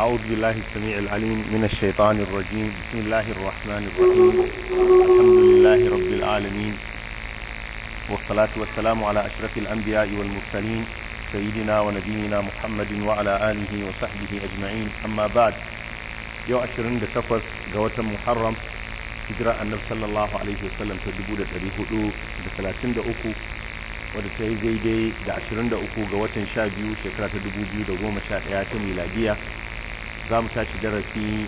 أعوذ بالله السميع العليم من الشيطان الرجيم بسم الله الرحمن الرحيم الحمد لله رب العالمين والصلاة والسلام على أشرف الأنبياء والمرسلين سيدنا ونبينا محمد وعلى آله وصحبه أجمعين أما بعد يو أشرين دتقوس قوة محرم هجرة النبي صلى الله عليه وسلم تدبو دتريه دو دتلاتين دأكو wadda ta yi daidai da 23 ga watan 12 shekara ta 2011 ta miladiya za mu tashi darasi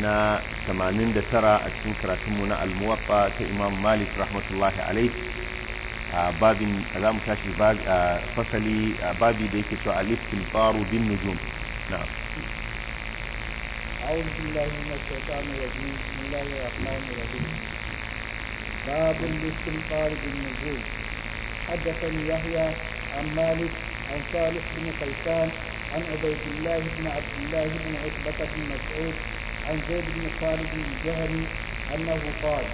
na 89 a cikin karatunmu na almuwaffa ta imam malik rahmatullahi alaih a babin za mu tashi fasali a babi da yake cewa alif tilfaru bin nujum na أعوذ بالله من الشيطان الرجيم بسم الله الرحمن الرحيم باب الاستنقار بالنجوم حدثني يحيى عن مالك عن صالح بن كيسان عن عبيد الله بن عبد الله بن عتبة بن مسعود عن زيد بن خالد الجهني أنه قال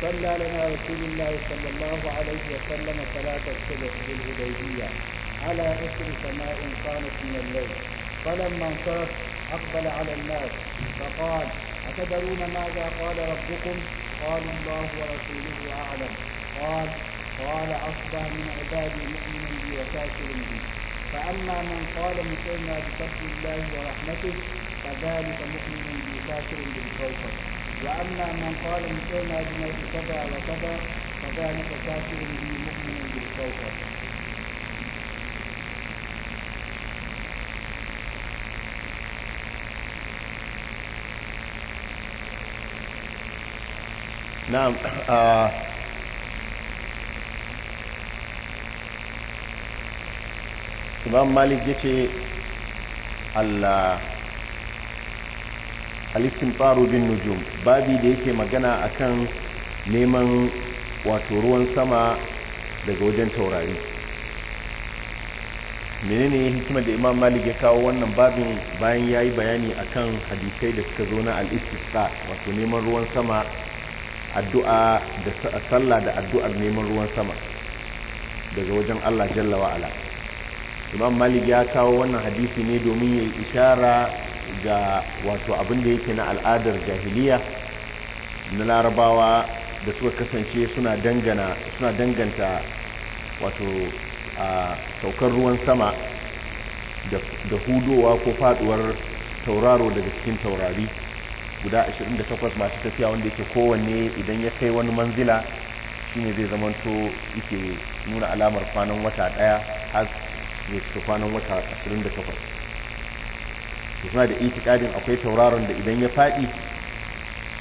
صلى لنا رسول الله صلى الله عليه وسلم صلاة الصبح بالهديبية على إثر سماء كانت من الليل فلما انصرف أقبل على الناس فقال أتدرون ماذا قال ربكم؟ قالوا الله ورسوله أعلم قال قال أصبح من عبادي مؤمن بي وكافر بي فأما من قال مطعنا بفضل الله ورحمته فذلك مؤمن بكافر بالكوكب وأما من قال مطعنا بموت كذا وكذا فذلك كافر بمؤمن مؤمن بالكوكب نعم آه imam malik ya ce faru bin nujum babi da yake magana akan neman wato ruwan sama daga wajen taurari menene hikimar da imam malik ya kawo wannan babin bayan ya yi bayani akan hadisai da suka zo na al'istisqa wato neman ruwan sama addu'a da sallah da addu'ar neman ruwan sama daga wajen allah jalla wa'ala imam malik ya kawo wannan hadisi ne domin ya ishara ga wato abinda yake na al'adar jahiliya na larabawa da suka kasance suna danganta wato a saukar ruwan sama da hudowa ko faduwar tauraro daga cikin taurari guda 28 masu tafiya wanda yake kowanne idan ya kai wani manzila shine zai zamanto yake nuna alamar kwanan wata daya har zai kwanan wata 28 suna da itikadin akwai tauraron da idan ya faɗi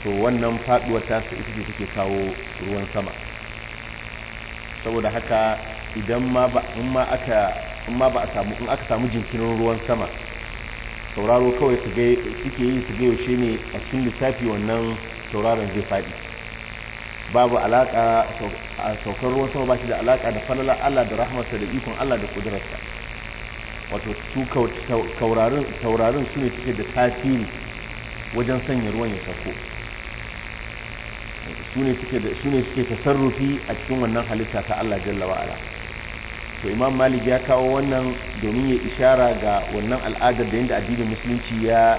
to wannan faɗuwar tasa ita ce take kawo ruwan sama saboda haka idan ma ba in ma aka a samu in aka samu jinkirin ruwan sama sauraro kawai suke yi su ga yaushe ne a cikin lissafi wannan tauraron zai faɗi babu alaka saukar ruwan sama ba shi da alaka da falala Allah da rahmarsa da ikon Allah da kudurarsa wato su taurarin su ne suke da tasiri wajen sanya ruwan ya sauko su ne suke tasarrufi a cikin wannan halitta ta Allah jalla wa'ala to imam malik ya kawo wannan domin ya ishara ga wannan al'adar da yadda addinin musulunci ya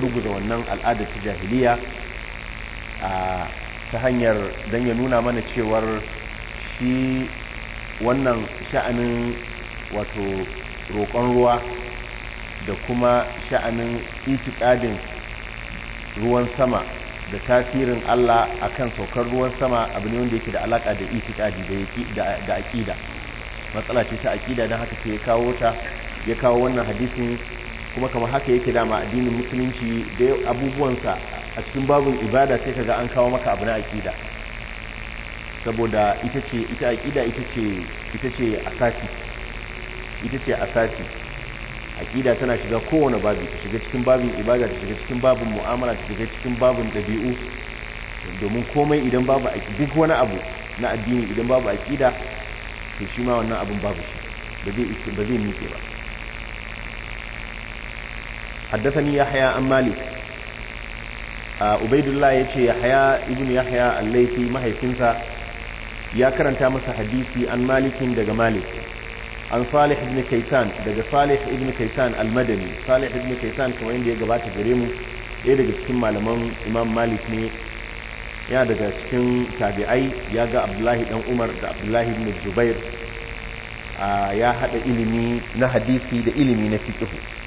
ruguza wannan al'adar ta jahiliya a ah, ta hanyar don ya nuna mana cewar shi wannan sha'anin wato roƙon ruwa da kuma sha'anin itikadin ruwan sama da tasirin Allah akan saukar ruwan sama abu ne wanda yake da alaka da itikadi da aƙida matsala ce ta aƙida don haka sai ya kawo ta ya kawo wannan hadisin kuma kamar haka yake dama addinin musulunci da abubuwansa a cikin babin ibada sai kaga an kawo maka abu na aqida saboda ita ce ita aqida ita ce ita ce asasi ita ce asasi aqida tana shiga kowane babi ta shiga cikin babin ibada ta shiga cikin babin mu'amala ta shiga cikin babin dabi'u domin komai idan babu duk wani abu na addini idan babu aqida to shi ma wannan abun babu shi ba zai ba zai miƙe ba haddathani yahaya an malik ya ce yahya ibnu yahya al-laifi mahaifinsa ya karanta masa hadisi an malikin daga malik an salih ibn kaisan daga salih ibn kaisan almadami madani salih kaisan kamar inda ya gabata gare mu ɗaya daga cikin malaman imam malik ne ya daga cikin tabi'ai ya ga abdullahi dan umar da abdullahi ibn zubair ya hada ilimi na hadisi da ilimi na fiqh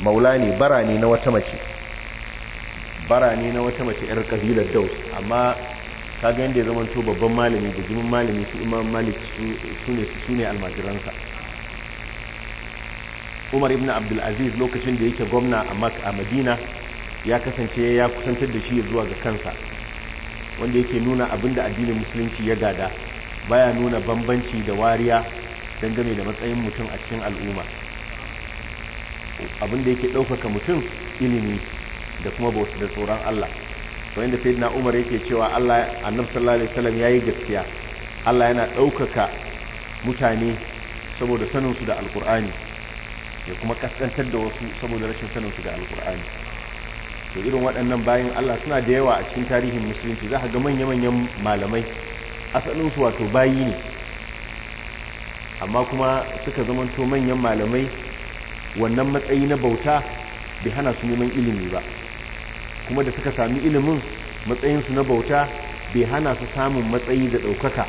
maula ne bara ne na wata mace bara ne na wata mace yar kabilar daus amma ta ga yadda ya zama to babban malami da jimin malami su imam malik su ne almajiransa umar ibn abdulaziz lokacin da yake gwamna a madina ya kasance ya kusantar da shi zuwa ga kansa wanda yake nuna abin da addinin musulunci ya gada baya nuna bambanci da wariya dangane da matsayin mutum a cikin al'umma abin da yake ɗaukaka mutum ilimi da kuma da tsoron Allah da sai na umar yake cewa Allah nan sallallahu alaihi wasallam yi gaskiya Allah yana ɗaukaka mutane saboda saninsu da alkur'ani ya kuma kaskantar da wasu saboda rashin saninsu da alkur'ani to irin waɗannan bayan Allah suna da yawa a cikin tarihin musulunci za ka ga manya-manyan malamai asalin wato bayi ne amma kuma suka zamanto manyan malamai wannan matsayi na bauta bai hana su neman ilimi ba kuma da suka sami ilimin matsayinsu na bauta bai hana su samun matsayi da ɗaukaka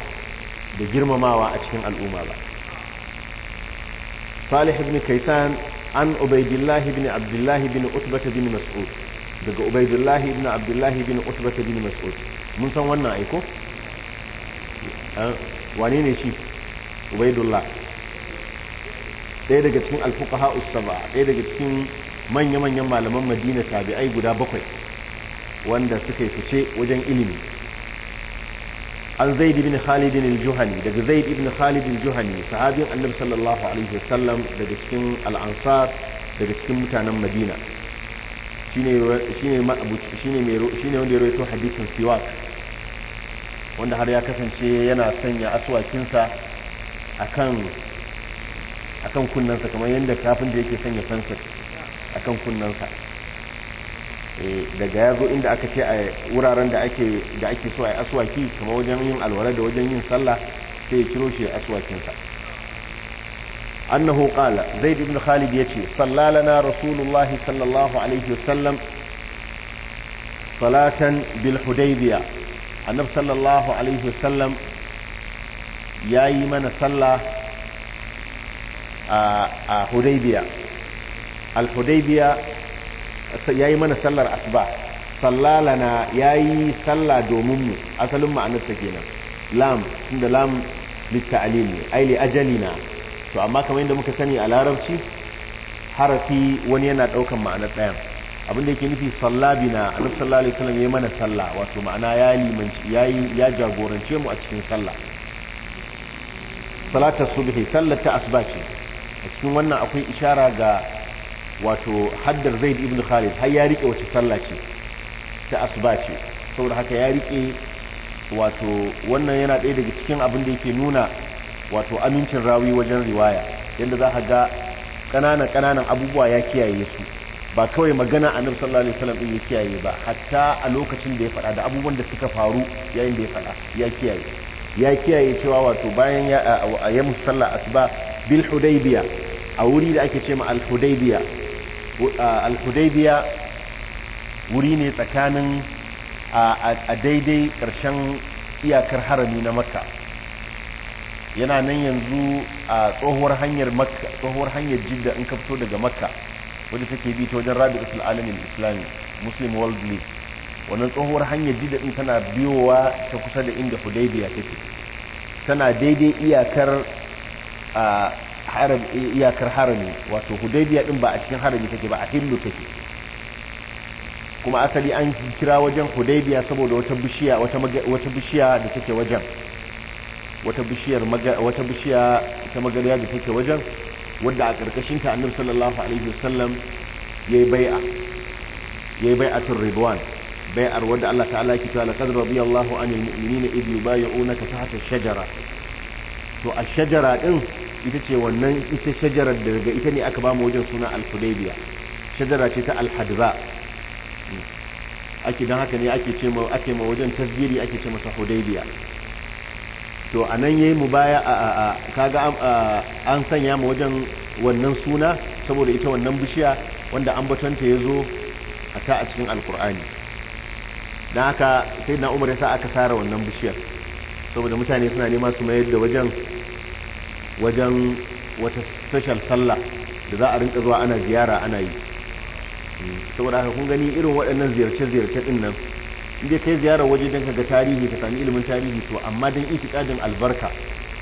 da girmamawa a cikin al'umma ba salih ibn kaisan an ubaidillah ibn abdullah ibn utbata bin mas'ud daga ubaidillah ibn abdullah ibn utbata bin mas'ud mun san wannan aiko eh, wane ne shi ubaidullah ɗaya daga cikin alfuqaha usaba ɗaya daga cikin manya-manyan malaman madina tabi'ai guda bakwai wanda suka yi fice wajen ilimi an zaid bin khalid al-juhani daga zaid bin khalid al-juhani sahabin annabi sallallahu alaihi wasallam daga cikin al-ansar daga cikin mutanen madina shine shine shine shine wanda ya rawaito hadithin siwak wanda har ya kasance yana sanya aswakinsa akan akan kunnansa kamar yadda kafin da yake sanya fansir akan kunnansa eh, daga ya zo inda aka ce a wuraren da ake da ake so a yi aswaki kamar wajen yin alwala da wajen yin sallah sai ya ciro shi aswakinsa annahu qala zaid ibn khalid yace sallalana rasulullahi sallallahu alaihi wasallam salatan bil hudaybiya annab sallallahu alaihi wasallam yayi mana sallah a hudaibiya al-hudaybiya yayi mana sallar asuba sallalana yayi salla domin mu asalin ma'anarta kenan lam tunda lam litta'lim ne ai li ajalina to amma kamar yadda muka sani a larabci harafi wani yana daukan ma'anar ɗayan abin da yake nufi sallabina annabi sallallahu alaihi wasallam yayi mana salla wato ma'ana ya limanci yayi ya jagorance mu a cikin sallah salatar subhi sallar ta asuba ce a cikin wannan akwai ishara ga wato haddar zaid ibn khalid har ya rike wace sallah ce ta asuba ce saboda haka ya rike wato wannan yana ɗaya daga cikin abin da yake nuna wato amincin rawi wajen riwaya yadda za ka ga ƙananan ƙananan abubuwa ya kiyaye su ba kawai magana a nufin sallallahu alaihi wasallam ya kiyaye ba hatta a lokacin da ya faɗa da abubuwan da suka faru yayin da ya faɗa ya kiyaye ya kiyaye cewa wato bayan ya musalla asuba bil hudaybiya a wuri da ake ce ma al hudaybiya wuri ne tsakanin a daidai ƙarshen iyakar harami na makka yana nan yanzu a tsohuwar hanyar makka tsohuwar jidda in ka daga makka wadda take bi ta wajen rabi rabi'atul alamin islami muslim world league wannan tsohuwar hanyar jidda din tana biyowa ta kusa da inda hudaybiya take tana daidai iyakar haram iyakar harami wato hudaybiya din ba a cikin harami take ba a hillu take kuma asali an kira wajen hudaybiya saboda wata bishiya wata wata bishiya da take wajen wata bishiyar wata bishiya ta magariya da take wajen wadda a karkashin ta annabi sallallahu alaihi wasallam yayi bai'a yayi bai'atul ridwan bai'ar wadda Allah ta'ala ya ce laqad radiyallahu anil mu'minina idh yubayyi'unaka tahta ash-shajara to a shajara ɗin ita ce wannan ita shajarar da daga ita ne aka ba mu wajen suna alhudaibiya shajara ce ta alhadra ake don haka ne ake ce ma ake ma wajen tasbiri ake ce masa hudaibiya to a nan yayi mu baya a kaga an sanya ma wajen wannan suna saboda ita wannan bishiya wanda an ambatonta ya zo a ta a cikin alkur'ani don haka sai na umar ya sa aka sara wannan bishiyar saboda mutane suna nema su mayar da wajen wajen wata special sallah da za a rinka zuwa ana ziyara ana yi saboda haka kun gani irin waɗannan ziyarce-ziyarce ɗin nan inda kai ziyarar waje don kaga tarihi ka sami ilimin tarihi to amma don itikadin albarka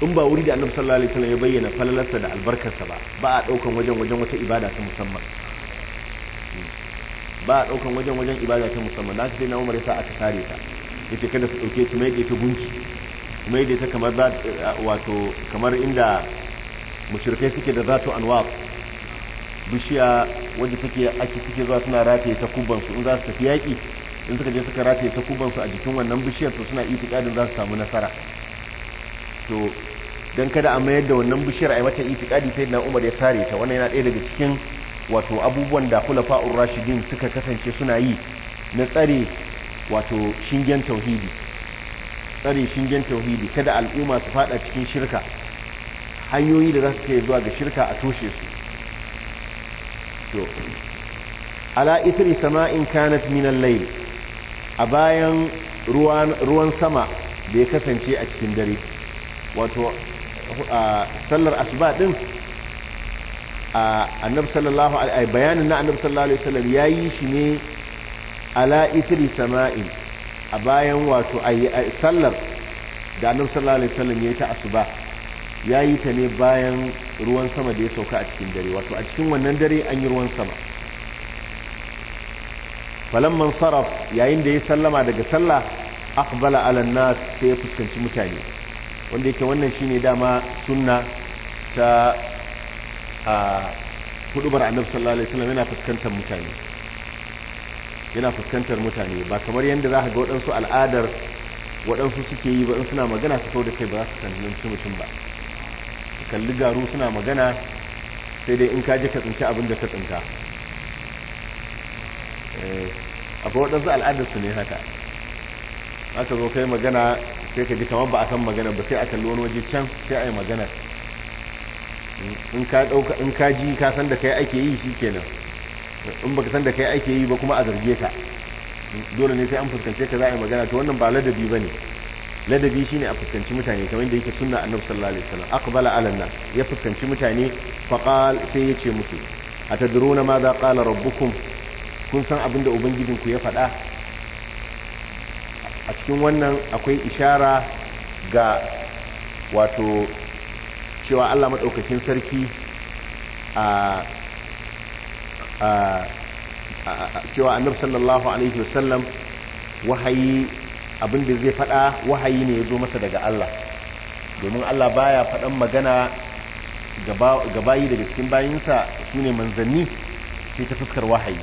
in ba wuri da annabi sallallahu alaihi wasallam ya bayyana falalarsa da albarkarsa ba ba a ɗaukan wajen wajen wata ibada ta musamman ba a ɗaukan wajen wajen ibada ta musamman da haka sai na umar ya sa aka sare ta yace kada su ɗauke su mai ta gunki kuma yadda ta kamar wato kamar inda mushrikai suke da zatu anwar bishiya wadda take ake suke zuwa suna rataye ta kubban su in za su tafi yaki in suka je suka rataye ta kubban su a jikin wannan bishiyar to suna itikadin za su samu nasara to dan kada a mayar da wannan bishiyar a mata itikadi sai na Umar ya sare ta wannan yana ɗaya daga cikin wato abubuwan da khulafa'ur rashidin suka kasance suna yi na tsare wato shingen tauhidi tsari sun shingen tauhidi kada al'umma su fada cikin shirka hanyoyi da za su kai zuwa ga shirka a toshe su ala itri sama'in kanat min al-layl a bayan ruwan sama da ya kasance a cikin dare wato sallar asuba din annabi sallallahu alaihi bayanin na annabi sallallahu alaihi wasallam yayi shi ne ala itri sama'in a bayan wato sallar da annabi sallallahu alaihi wasallam ya yi ta asuba ya yi ta ne bayan ruwan sama da ya sauka a cikin dare wato a cikin wannan dare an yi ruwan sama falamman sarraf yayin da ya sallama daga sallah akbala alan nas sai ya fuskanci mutane wanda yake wannan shine dama sunna ta a hudubar annabi sallallahu alaihi wasallam yana fuskantar mutane yana fuskantar mutane ba kamar yadda za ka ga waɗansu al'adar waɗansu suke yi ba in suna magana su da kai ba za su kanci mutum ba su kalli garu suna magana sai dai in ka je ka tsinci abin da ka tsinta. Eh, akwai waɗansu al'adar su ne haka aka zo kai magana sai ka ji kamar ba a san magana ba sai a kalli wani waje can sai a yi magana in ka ji ka san da kai ake yi shi kenan in baka san da kai ake yi ba kuma a zarge ka dole ne sai an fuskance ka za a yi magana to wannan ba ladabi ba ne ladabi shine a fuskanci mutane kamar da yake sunna annabi sallallahu alaihi wasallam aqbala ala nas ya fuskanci mutane faqal sai ya ce musu atadruna ma za qala rabbukum kun san abin da ubangijinku ya faɗa a cikin wannan akwai ishara ga wato cewa Allah madaukakin sarki a cewa annabi sallallahu alaihi wasallam wahayi abinda zai fada wahayi ne yazo masa daga Allah domin Allah baya fadan magana ga bayi daga cikin bayinsa sune manzanni sai ta fuskar wahayi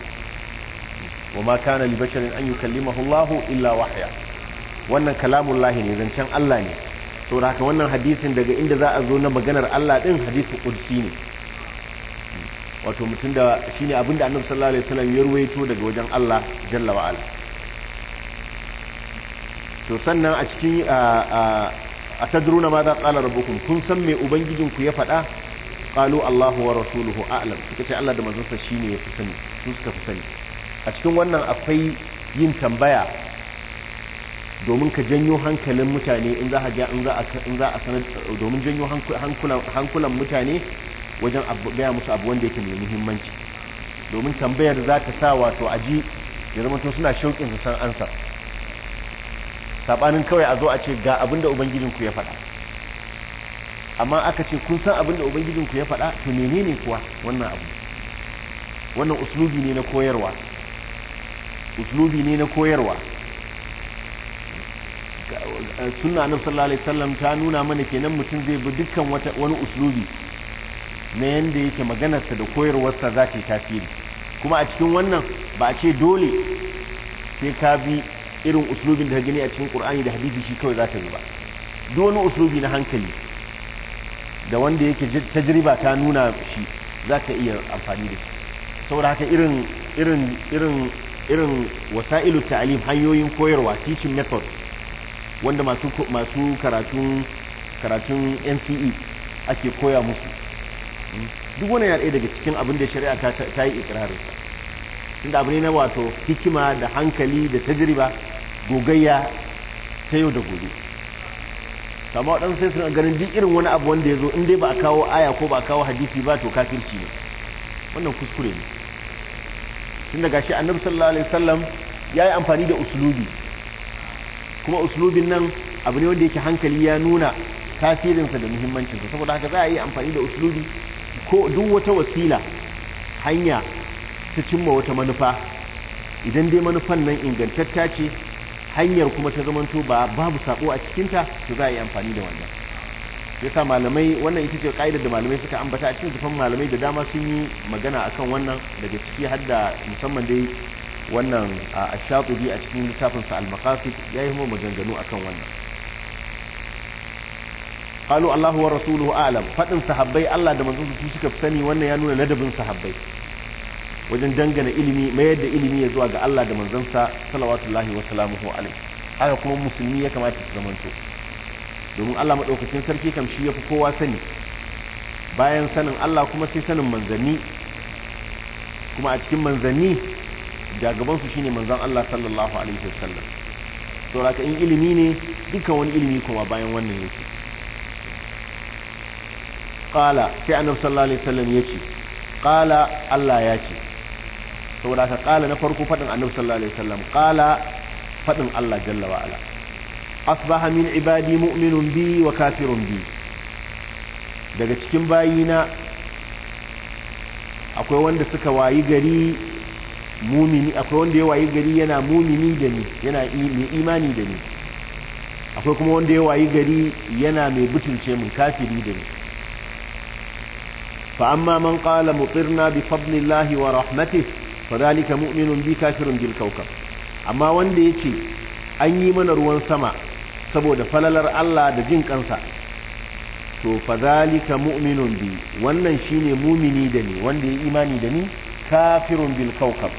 wama kana li basharin an yukallimahu Allah illa wahya wannan kalamun lahi ne zancen Allah ne saboda haka wannan hadisin daga inda za a zo na maganar Allah din hadisi qudsi ne wato mutum da shi ne da annabi sallallahu alaihi wasallam ya ruwaito daga wajen Allah jalla wa ala to sannan a cikin a tadruna ma za qala rabbukum kun san me ubangijinku ya faɗa qalu Allahu wa rasuluhu a'lam suka ce Allah da sa shine ya fi sani su suka fi sani a cikin wannan akwai yin tambaya domin ka janyo hankalin mutane in za a in za a sanar domin janyo hankulan mutane wajen gaya musu abu wanda yake mai muhimmanci domin tambayar za ta sa wato a ji ya zama to suna shauƙin su san ansa saɓanin kawai a zo a ce ga abinda ubangijinku ya faɗa amma aka ce kun san abinda ubangijinku ya faɗa to ne kuwa wannan abu wannan uslubi ne na koyarwa uslubi ne na koyarwa sunna annabi sallallahu alaihi wasallam ta nuna mana kenan mutum zai bi dukkan wani uslubi na yanda yake maganarsa da koyarwarsa za ta yi tasiri kuma a cikin wannan ba a ce dole sai ka bi irin uslubin da gani a cikin ƙur'ani da hadisi shi kawai za ta zuba ba duk wani uslubi na hankali da wanda yake tajriba ta nuna shi za ka iya amfani da shi saboda haka irin irin irin irin wasa'ilu ta'alim hanyoyin koyarwa teaching method wanda masu masu karatun karatun NCE ake koya musu duk wani ya daga cikin abin da shari'a ta yi ikirarinsa tunda abu ne na wato hikima da hankali da tajriba gogayya ta yau da gobe kama waɗansu sai suna ganin duk irin wani abu wanda ya zo inda ba a kawo aya ko ba a kawo hadisi ba to kafirci ne wannan kuskure ne tun daga shi annabi sallallahu alaihi wasallam ya yi amfani da usulubi kuma usulubin nan abu ne wanda yake hankali ya nuna tasirinsa da muhimmancinsa saboda haka za a yi amfani da usulubi. ko duk wata wasila hanya ta cimma wata manufa idan dai manufan nan ingantatta ce hanyar kuma ta zamanto ba babu sako a cikinta to za a yi amfani da wannan sa malamai wannan ita ce ka'idar da malamai suka ambata a cikin zufan malamai da dama sun yi magana akan wannan daga ciki har da musamman dai wannan a shatubi a cikin littafinsa al-maqasid yayi kuma maganganu akan wannan قالوا Allahu wa rasuluhu alam fadin sahabbai Allah da manzon su suka sani wannan ya nuna ladabin sahabbai wajen dangana ilimi mayar da ilimi ya zuwa ga Allah da manzon sa salawatullahi wa salamuhu alaihi haka kuma musulmi ya kamata su zamanto domin Allah madaukakin sarki kam shi yafi kowa sani bayan sanin Allah kuma sai sanin manzanni kuma a cikin manzanni su shine manzon Allah sallallahu alaihi wasallam saboda in ilimi ne dukkan wani ilimi kuma bayan wannan yake kala sai annabi sallallahu alaihi wasallam yace kala Allah ya ce saboda ka kala na farko fadin annabi sallallahu alaihi wasallam kala fadin Allah jalla wa ala asbaha min ibadi mu'minun bi wa kafirun bi daga cikin bayina akwai wanda suka wayi gari mumini akwai wanda ya wayi gari yana mumini da ni yana mai imani da ni akwai kuma wanda ya wayi gari yana mai butulce mun kafiri da ni فأما من قال مطرنا بفضل الله ورحمته فذلك مؤمن بي كافر بالكوكب أما وند يتي أن يمن روان سما سبو دفللر الله دجنك أنسا to fadhalika mu'minun bi wannan shine mumini da ni wanda ya imani da ni kafirun bil kawkab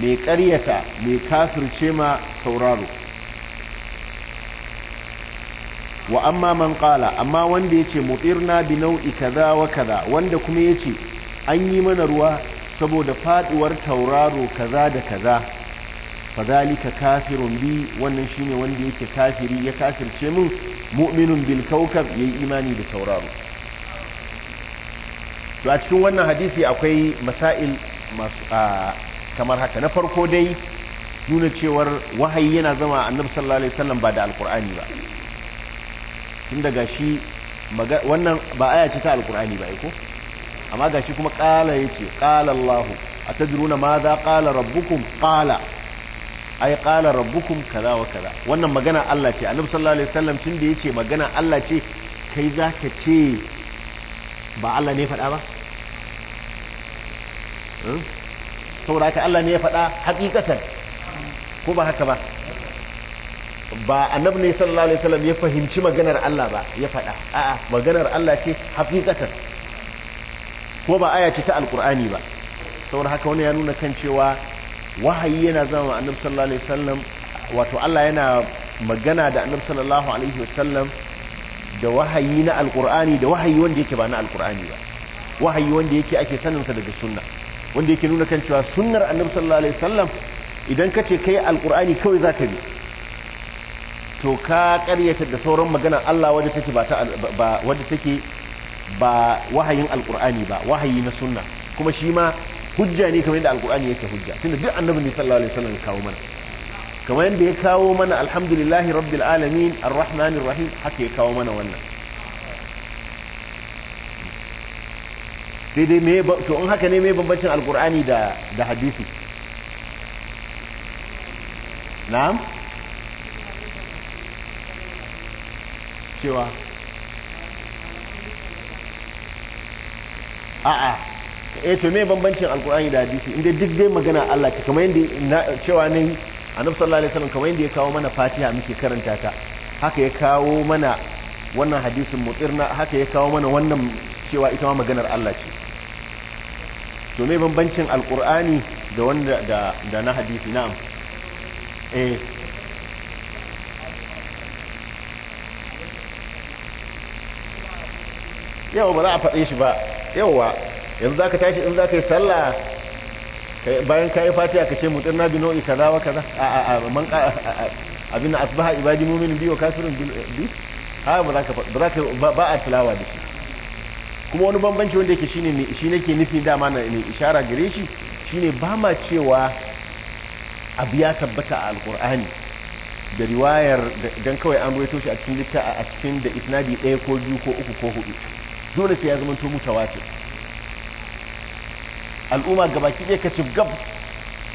mai ƙaryata mai kafirce ma tauraro wa amma man qala amma wanda yace mutirna bi nau'i kaza wa kaza wanda kuma yace an yi mana ruwa saboda faduwar tauraro kaza da kaza fadhalika kafirun bi wannan shine wanda yake kafiri ya kafirce min mu'minun bil kawkab yayi imani da tauraro to a cikin wannan hadisi akwai masail masu kamar haka na farko dai nuna cewar wahayi yana zama annabi sallallahu alaihi wasallam ba da alqur'ani ba tun daga shi wannan ba aya ce ta alkur'ani ba ko amma ga shi kuma ƙala ya ce ƙala allahu a ta jiruna ma za ƙala rabbukum ƙala ai ƙala rabbukum kaza wa kaza wannan magana allah ce annabi sallallahu alaihi wasallam tun da ya ce magana allah ce kai za ka ce ba allah ne faɗa ba hmm? saboda haka allah ne ya faɗa hakikatan ko ba haka ba ba annabi ne sallallahu alaihi wasallam ya fahimci maganar Allah ba ya faɗa a'a maganar Allah ce haqiqatan ko ba aya ce ta alqur'ani ba saboda haka wani ya nuna kan cewa wahayi yana zama annabi sallallahu alaihi wasallam wato Allah yana magana da annabi sallallahu alaihi wasallam da wahayi na alqur'ani da wahayi wanda yake ba na alqur'ani ba wahayi wanda yake ake sanin sa daga sunna wanda yake nuna kan cewa sunnar annabi sallallahu alaihi wasallam idan kace kai alqur'ani kawai zaka bi to ka karyata da sauran maganar Allah wadda take ba ba wadda take ba wahayin alqur'ani ba wahayi na sunna kuma shi ma hujja ne kamar yadda alqur'ani yake hujja tunda duk annabi ne sallallahu alaihi wasallam kawo mana kamar yadda ya kawo mana alhamdulillahi rabbil alamin arrahmanir rahim haka ya kawo mana wannan sai dai me to in haka ne me bambancin alqur'ani da da hadisi na'am cewa a'a eh to me bambancin alkur'ani da hadisi inda duk dai magana Allah ce kamar yadda cewa ne annabi sallallahu alaihi wasallam kamar yadda ya kawo mana fatiha muke karanta ta haka ya kawo mana wannan hadisin mutirna haka ya kawo mana wannan cewa ita ma maganar Allah ce to me bambancin alkur'ani da wanda da na hadisi na'am eh Yau ba za a faɗe shi ba wa yanzu za ka tashi in za ka yi sallah bayan ka yi fatiya ka ce mutum na bino kaza wa kaza abin da asibaha ibadi mumin biyu kafirin biyu ha ba a tilawa da shi kuma wani bambanci wanda yake shi ne ke nufi dama na ne ishara gare shi ne ba ma cewa abu ya tabbata a alkur'ani da riwayar don kawai an ruwaito shi a cikin litta a cikin da isnadi ɗaya ko biyu ko uku ko hudu dole sai ya zama to wace al'umma gabaki ɗaya ka gab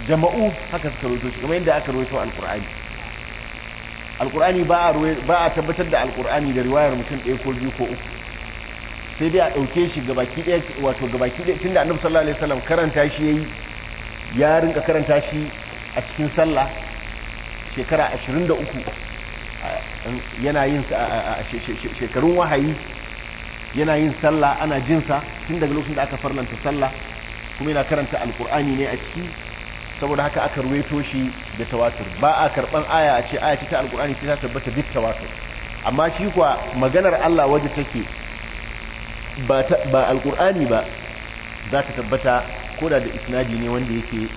jama'u haka suka roto shi kamar yadda aka roto alkur'ani Alƙur'ani ba a tabbatar da alkur'ani da riwayar mutum ɗaya ko biyu ko uku sai dai a ɗauke shi gabaki ɗaya wato gabaki ɗaya tunda annabi sallallahu alaihi wasallam karanta shi yayi ya rinka karanta shi a cikin sallah shekara 23 yana yin shekarun wahayi yana yin sallah ana jinsa tun daga lokacin da aka farlanta sallah kuma yana karanta alkur'ani ne a ciki saboda haka aka ruweto shi da tawatur ba a karban aya a ce aya ce ta alkur'ani sai ta tabbata duk tawatur amma shi kuwa maganar Allah waje take ba ba alkur'ani ba za ta tabbata koda da isnadi ne wanda yake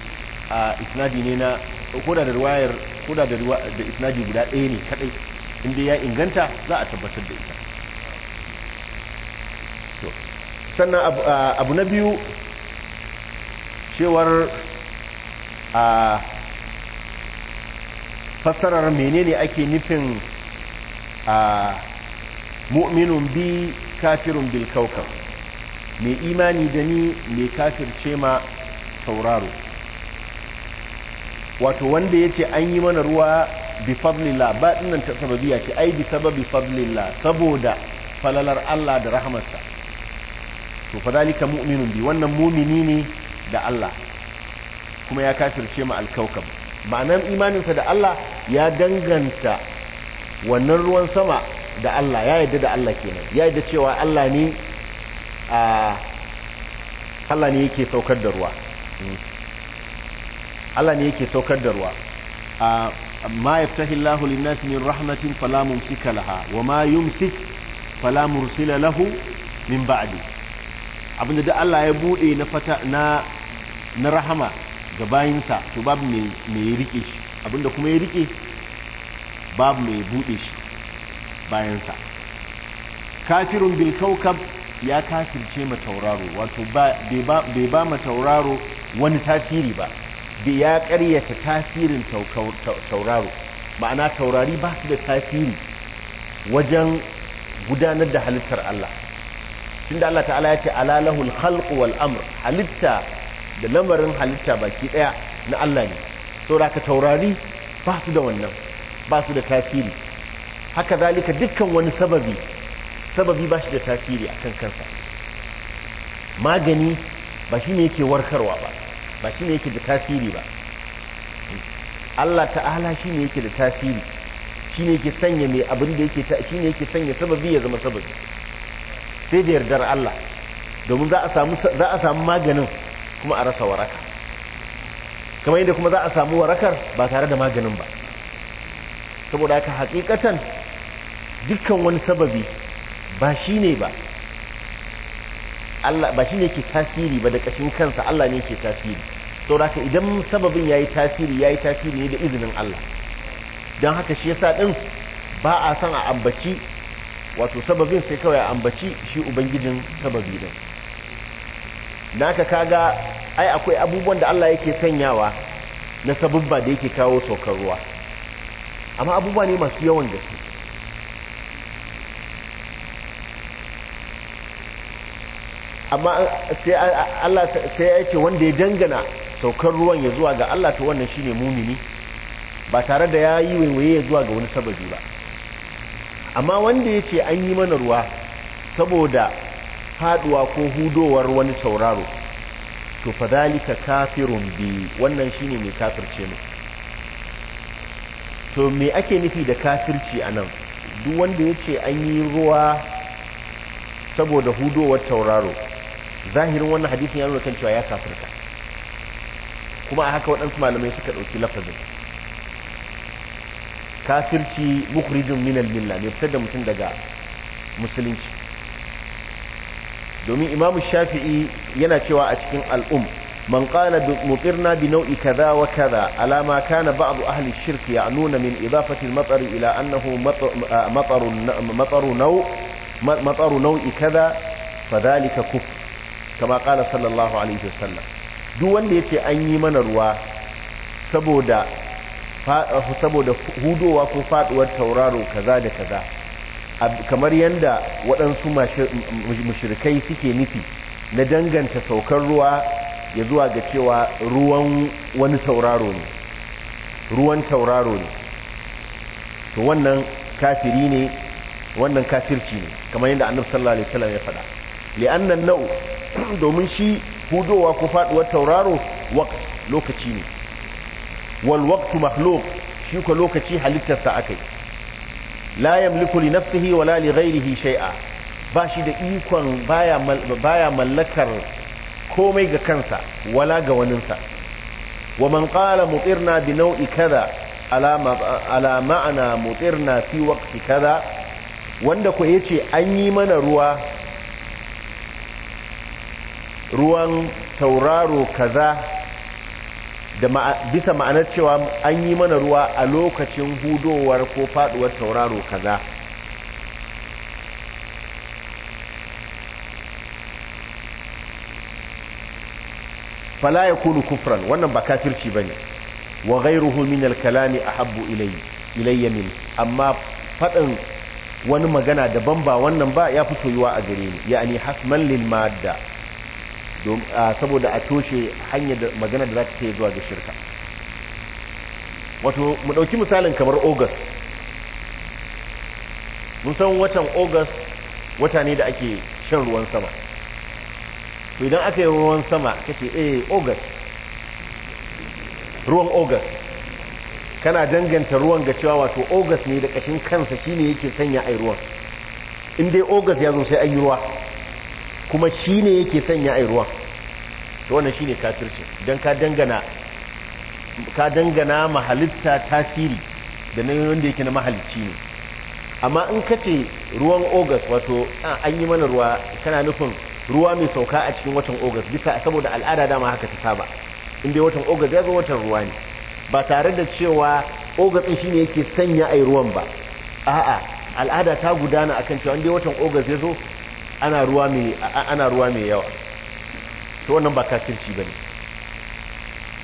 a isnadi ne na koda da riwayar koda da da isnadi guda ɗaya ne kadai inda ya inganta za a tabbatar da ita sannan abu na biyu cewar a fassarar menene ake nufin a mu'minun bi kafirun bil kaukab mai imani da ni mai kafirce ma tauraro. wato wanda ya ce an yi mana ruwa bi fadlila ba ɗinan ta sababiya ce ai bi sababi fadlila saboda falalar Allah da rahamarsa to fa zalika mu'minun bi wannan mumini ne da Allah kuma ya kafirce ma alkaukab ma'anar imaninsa da Allah ya danganta wannan ruwan sama da Allah ya yadda da Allah kenan ya yadda cewa Allah ne a Allah ne yake saukar da ruwa Allah ne yake saukar da ruwa ma yaftahi Allahu min rahmatin fala mumsika laha wa ma yumsik fala mursila lahu min ba'di abinda da Allah ya bude na fata na na rahama ga bayinsa to babu mai mai rike shi abinda kuma ya rike babu mai bude shi bayansa kafirun bil kaukab ya kafirce ma tauraro wato bai ba ma tauraro wani tasiri ba bai ya karyata tasirin tauraro ma'ana taurari ba su da tasiri wajen gudanar da halittar Allah tunda Allah ta'ala ya ce alalahul lahul khalq wal amr halitta da lamarin halitta baki daya na Allah ne da ka taurari ba su da wannan ba su da tasiri haka zalika dukkan wani sababi sababi ba shi da tasiri akan kansa magani ba shi ne yake warkarwa ba ba shi ne yake da tasiri ba Allah ta'ala shi ne yake da tasiri shi ne yake sanya mai abin da yake shi ne yake sanya sababi ya zama sababi sai da yardar Allah domin za a samu maganin kuma a rasa waraka kamar yadda kuma za a samu warakar ba tare da maganin ba saboda haka hakikatan dukkan wani sababi ba shi ne ba Allah ba shi ne ke tasiri ba da ƙashin kansa Allah ne ke tasiri saboda da idan sababin ya yi tasiri ya yi tasiri ne da izinin Allah don haka shi yasa ɗin ba a san a ambaci wato sababin sai kawai a ambaci shi ubangijin sababi din naka kaga ai akwai abubuwan da Allah yake sanyawa na sababba da yake kawo saukar ruwa amma abubuwa ne masu yawan gaske amma sai Allah sai ya ce wanda ya dangana saukar ruwan ya zuwa ga Allah ta wannan shine mumini ba tare da ya yi waiwaye ya zuwa ga wani sababi ba amma wanda ya ce an yi mana ruwa saboda haɗuwa ko hudowar wani tauraro to fadalika kafirun bi wannan shine mai kafirce mu to me ake nufi da kafirci anan duk wanda ya ce an yi ruwa saboda hudowar tauraro zahirin wannan hadisin ya nuna kan cewa ya kafirka kuma a haka waɗansu malamai suka ɗauki lafazin kafirci mukhrijun minal milla ne fitar da mutum daga musulunci domin imamu shafi'i yana cewa a cikin al'um man qala mutirna bi nau'i kaza wa kaza alama kana ba'du ahli shirki ya'nuna min idafati al-matar ila annahu mataru mataru nau'i kaza fadhalika kuf kama qala sallallahu alaihi wasallam duk wanda yace an yi mana ruwa saboda saboda hudowa ko faduwar tauraro kaza da kaza kamar yadda waɗansu mashirkai suke nufi na danganta saukar ruwa ya zuwa ga cewa ruwan wani tauraro ne ruwan tauraro ne to wannan kafiri ne wannan kafirci ne kamar yadda annabi sallallahu alaihi wasallam ya faɗa li'annan nau domin shi hudowa ko faduwar tauraro lokaci ne wal waqtu shi ko lokaci halittarsa akai la yamliku li nafsihi wala li ghayrihi shay'a ba shi da ikon baya baya mallakar komai ga kansa wala ga waninsa wa man qala mutirna bi naw'i kaza ala ma'ana mutirna fi waqti kaza wanda ko yace an yi mana ruwa ruwan tauraro kaza da bisa ma'anar cewa an yi mana ruwa a lokacin hudowar ko faduwar tauraro kaza fala ya kunu kufran wannan ba kafirci ba ne wa gairuhu min alkalami a habbu ilayya min amma faɗan wani magana daban ba wannan ba ya fi soyuwa a gare ni ya'ani hasman lil madda saboda a toshe hanyar magana da za ta kai zuwa ga shirka wato mu ɗauki misalin kamar august musan watan august wata ne da ake shan ruwan sama idan aka yi ruwan sama ce eh august ruwan august kana danganta ruwan ga cewa wato august ne da kashin kansa shine yake sanya ai ruwan in dai ogas ya zo sai an yi ruwa kuma shi ne yake sanya a yi ruwan to wannan shi ne kafirci don ka dangana ka mahalitta tasiri da yi wanda yake na mahalicci ne amma in ka ce ruwan ogas wato an yi mana ruwa kana nufin ruwa mai sauka a cikin watan ogas bisa saboda al'ada dama haka ta saba inda watan ogas ya zo watan ruwa ne ba tare da cewa ogas shi ne yake sanya a yi ruwan ba a'a al'ada ta gudana akan cewa inda watan ogas ya zo ana ruwa mai ana ruwa mai yawa to wannan ba kafirci bane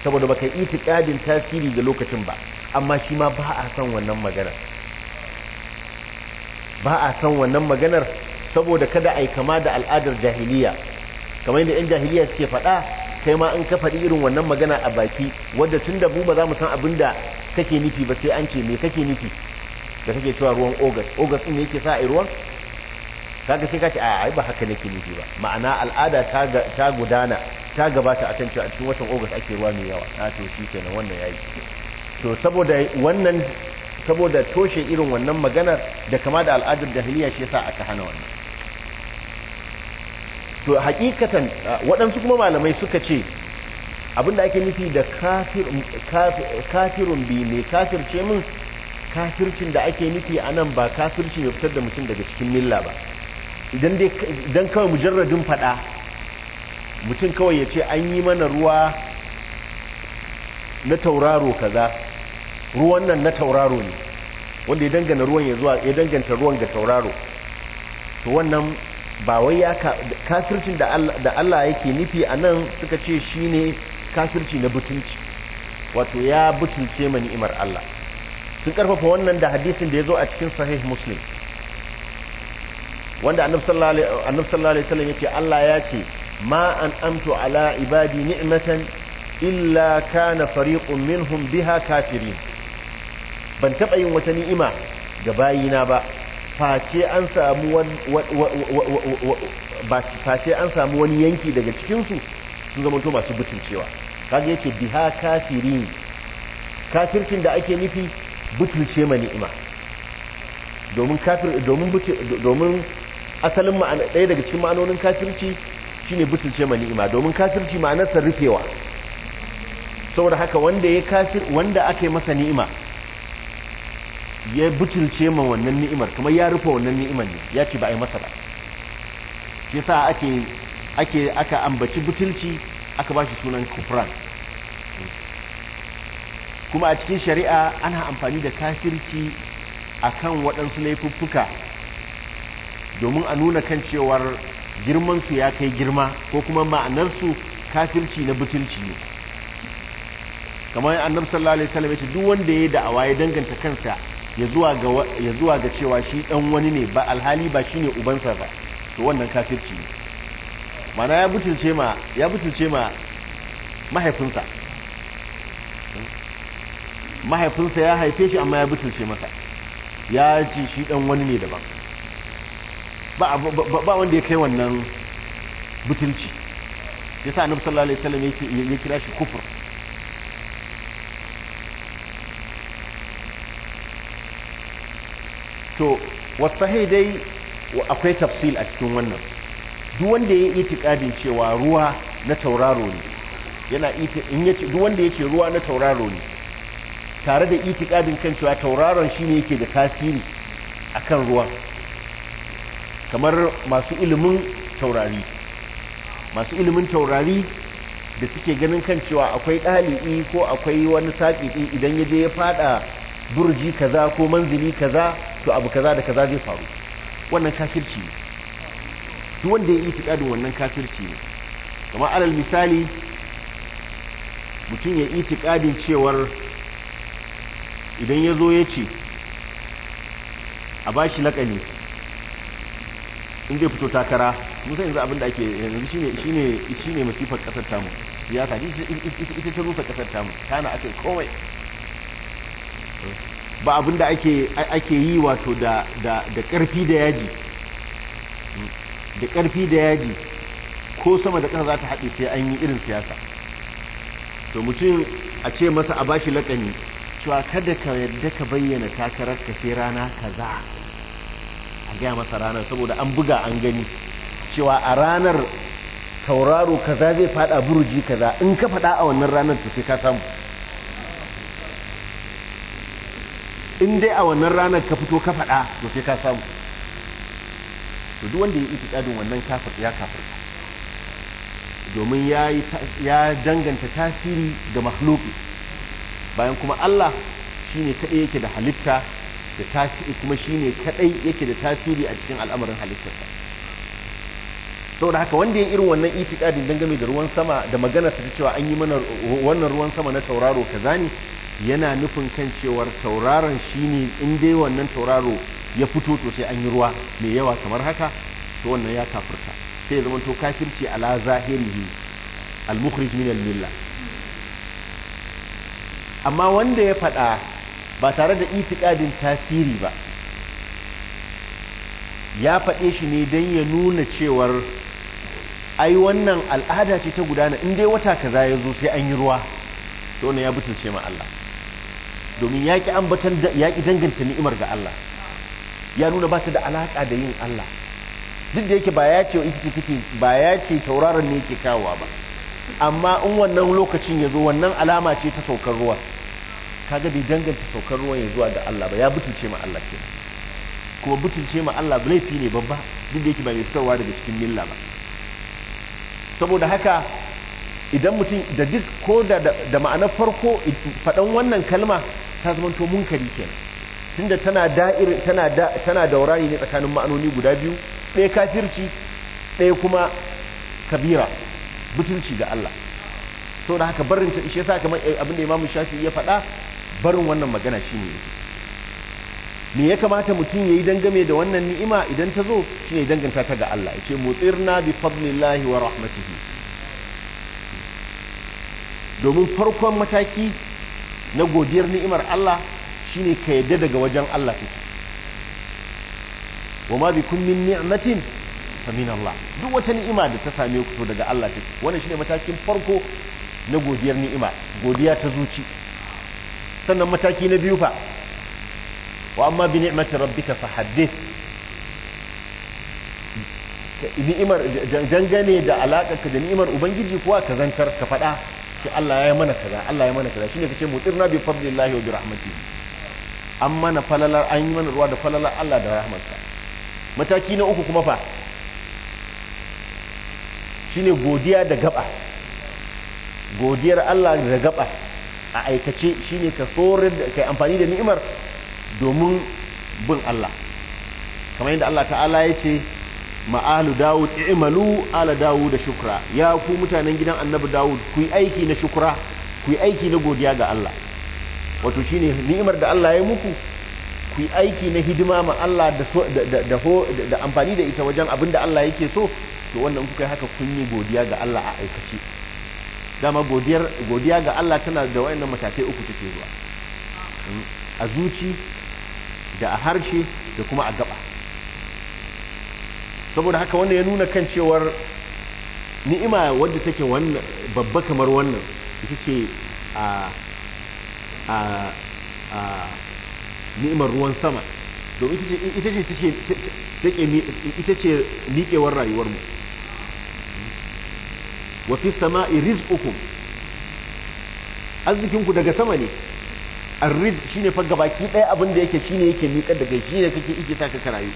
saboda baka yi itikadin tasiri ga lokacin ba amma shi ma ba a san wannan maganar ba a san wannan maganar saboda kada ai kama da al'adar jahiliya kamar yadda 'yan jahiliya suke faɗa kai ma in ka faɗi irin wannan magana a baki wadda tun da mu ba za mu san abin da kake nufi ba sai an ce me kake nufi da kake cewa ruwan ogas ogas ɗin ne yake sa a ruwan kaga sai ka ce a ai ba haka nake nufi ba ma'ana al'ada ta gudana ta gabata akan cewa a cikin watan august ake ruwa mai yawa a ah, to shikenan wannan yayi to saboda wannan saboda toshe irin wannan maganar da kama da al'adar jahiliya shi yasa aka hana wannan to hakikatan ah, waɗansu kuma malamai suka ce abin da ake nufi da kafirun bi mai kafirce min kafircin da ake nufi a nan ba kafirci ya fitar da mutum daga cikin milla ba idan kawai mujarradin fada mutum kawai ya ce an yi mana ruwa na tauraro kaza ruwan nan na tauraro ne wanda ya dangana ruwan ya zuwa ya danganta ruwan ga tauraro to wannan ba wai ya kafircin da Allah yake nufi a nan suka ce shi ne kafirci na butunci wato ya butunce ma ni'imar Allah sun karfafa wannan da hadisin da ya zo a cikin sahih muslim wanda annab sallallahu alaihi wasallam yace Allah ya ce ma an amtu ala ibadi ni'matan illa kana fariqun minhum biha kafirin ban taba yin wata ni'ima ga bayina ba face an samu wani face an samu wani yanki daga cikin su sun zama to masu butulcewa kaga yace biha kafirin kafircin da ake nufi butulce ma ni'ima domin kafir domin domin asalin ma'ana ɗaya daga cikin ma'anonin kafirci shine butulce ma ni'ima domin kafirci ma'anar ma'anarsa rufewa saboda haka wanda ya kafir wanda aka yi masa ni'ima ya butulce ma wannan ni'imar kuma ya rufe wannan ni'imar ne ya ce ba a yi masa ba shi yasa ake aka ambaci butulci aka ba shi sunan kufran kuma a cikin shari'a ana amfani da kafirci akan waɗansu laifuffuka domin a nuna kan cewar girmansu ya kai girma ko kuma ma'anarsu kafirci na butulci ne kamar annab sallallahu alaihi wasallam ce duk wanda ya yi da'awa ya danganta kansa ya zuwa ga cewa shi dan wani ne ba alhali ba shine ubansa ba to wannan kafirci ne mana ya butulce ma ya butulce ma mahaifinsa mahaifinsa ya haife shi amma ya butulce masa ya ce shi dan wani ne daban ba wanda ya kai wannan butulci ya sa annabi sallallahu alaihi ya kira shi kufur to wasahai dai akwai tafsil a cikin wannan duk wanda ya yi itikadin cewa ruwa na tauraro ne yana in yace duk wanda yace ruwa na tauraro ne tare da itikadin kan cewa tauraron shine yake da tasiri akan ruwa. kamar masu ilimin taurari masu ilimin taurari da suke ganin kan cewa akwai ɗali'i ko akwai wani saƙiƙi idan ya je ya faɗa burji kaza ko manzili kaza to abu kaza da kaza zai faru wannan kafirci ne duk wanda ya yi itikadin wannan kafirci ne kamar alal misali mutum ya itikadin cewar idan ya zo ya ce a ba shi laƙani in zai fito takara musa yanzu abin da ake yanzu shine shine shine masifar kasar tamu siyasa ita ta rufe kasar tamu kana ake kowai ba abin da ake ake yi wato da da da karfi da yaji da karfi da yaji ko sama da kasa za ta haɗe sai an yi irin siyasa to mutum a ce masa a bashi laƙani cewa kada ka yadda ka bayyana takararka sai rana kaza a gaya masa ranar saboda an buga an gani cewa a ranar tauraro kaza zai fada buruji kaza in ka fada a wannan ranar to sai ka samu in dai a wannan ranar ka fito ka fada to sai ka samu to duk wanda ya yi itikadin wannan kafir ya kafar domin ya danganta tasiri ga makhluki bayan kuma Allah shine kaɗai yake da halitta da tasiri kuma shi ne kaɗai yake da tasiri a cikin al'amarin halittarsa saboda haka wanda ya irin wannan itikadin dangane da ruwan sama da maganar ta cewa an yi mana wannan ruwan sama na tauraro kaza ne yana nufin kan cewar tauraron shi ne in dai wannan tauraro ya fito to sai an yi ruwa mai yawa kamar haka to wannan ya kafirta sai ya zama to kafirci ala zahirihi al-mukhrij min al amma wanda ya faɗa ba tare da itikadin tasiri ba ya faɗe shi ne don ya nuna cewar ai wannan al'ada ce ta gudana in dai wata ka za ya zo sai an yi ruwa to ya butulce ma Allah domin ya ki ambatan ya ki danganta ni'imar ga Allah ya nuna ba ta da alaƙa da yin Allah duk da yake ba ya ce ita ce take ba ya ce tauraron ne yake kawowa ba amma in wannan lokacin ya zo wannan alama ce ta saukar ruwa kaga bai danganta saukar ruwan ya zuwa ga Allah ba ya butulce ma Allah ke kuma butulce ma Allah laifi ne babba duk da yake ba mai fitarwa daga cikin milla ba saboda haka idan mutum da duk ko da da ma'anar farko faɗan wannan kalma ta zama to munkari kenan tunda tana da'ir tana da tana daurari ne tsakanin ma'anoni guda biyu ɗaya kafirci ɗaya kuma kabira butulci ga Allah saboda haka barin ta ishe sa kamar eh, abin da Imam Shafi ya faɗa barin wannan magana shi ne me ya kamata mutum ya yi dangame da wannan ni'ima idan ta zo shi ne danganta ta ga Allah ya ce mutsirna bi fadlillahi wa rahmatihi domin farkon mataki na godiyar ni'imar Allah shine ka yadda daga wajen Allah take wa ma kun min ni'matin fa min Allah duk wata ni'ima da ta same ku daga Allah take wannan shine matakin farko na godiyar ni'ima godiya ta zuci sannan mataki na biyu fa wa amma bi ni'mati rabbika fa haddith ni'imar dangane da ka da ni'imar ubangiji kuwa ka zantar ka faɗa ce Allah ya mana kaza Allah ya mana kaza shine kace mutirna bi fadlillahi wa bi rahmatihi an mana falalar an yi mana ruwa da falalar Allah da rahmatsa mataki na uku kuma fa shine godiya da gaba godiyar Allah da gaba a aikace shi ne ka tsorar kai amfani da ni'imar domin bin Allah kamar yadda Allah ta'ala ya ce ma'alu dawud i'malu ala dawud da shukra ya ku mutanen gidan annabi dawud ku yi aiki na shukra ku yi aiki na godiya ga Allah wato ne ni'imar da Allah ya muku ku yi aiki na hidima ma Allah da amfani da ita wajen abin da Allah yake so to wannan kuka haka kun yi godiya ga Allah a aikace dama godiya ga Allah tana da wayannan matakai uku take zuwa hmm? a zuci da a harshe da kuma a gaba saboda haka wanda ya nuna kan cewar ni'ima wadda take wannan babba kamar wannan ita ce a a a ni'imar ruwan sama domin ita ce ita ce ita ce miƙewar rayuwarmu wa fi sama'i rizqukum arzikin ku daga sama ne arriz shine fa gabaki ɗaya abin da yake shine yake miƙar daga shi ne kake ike saka ka rayu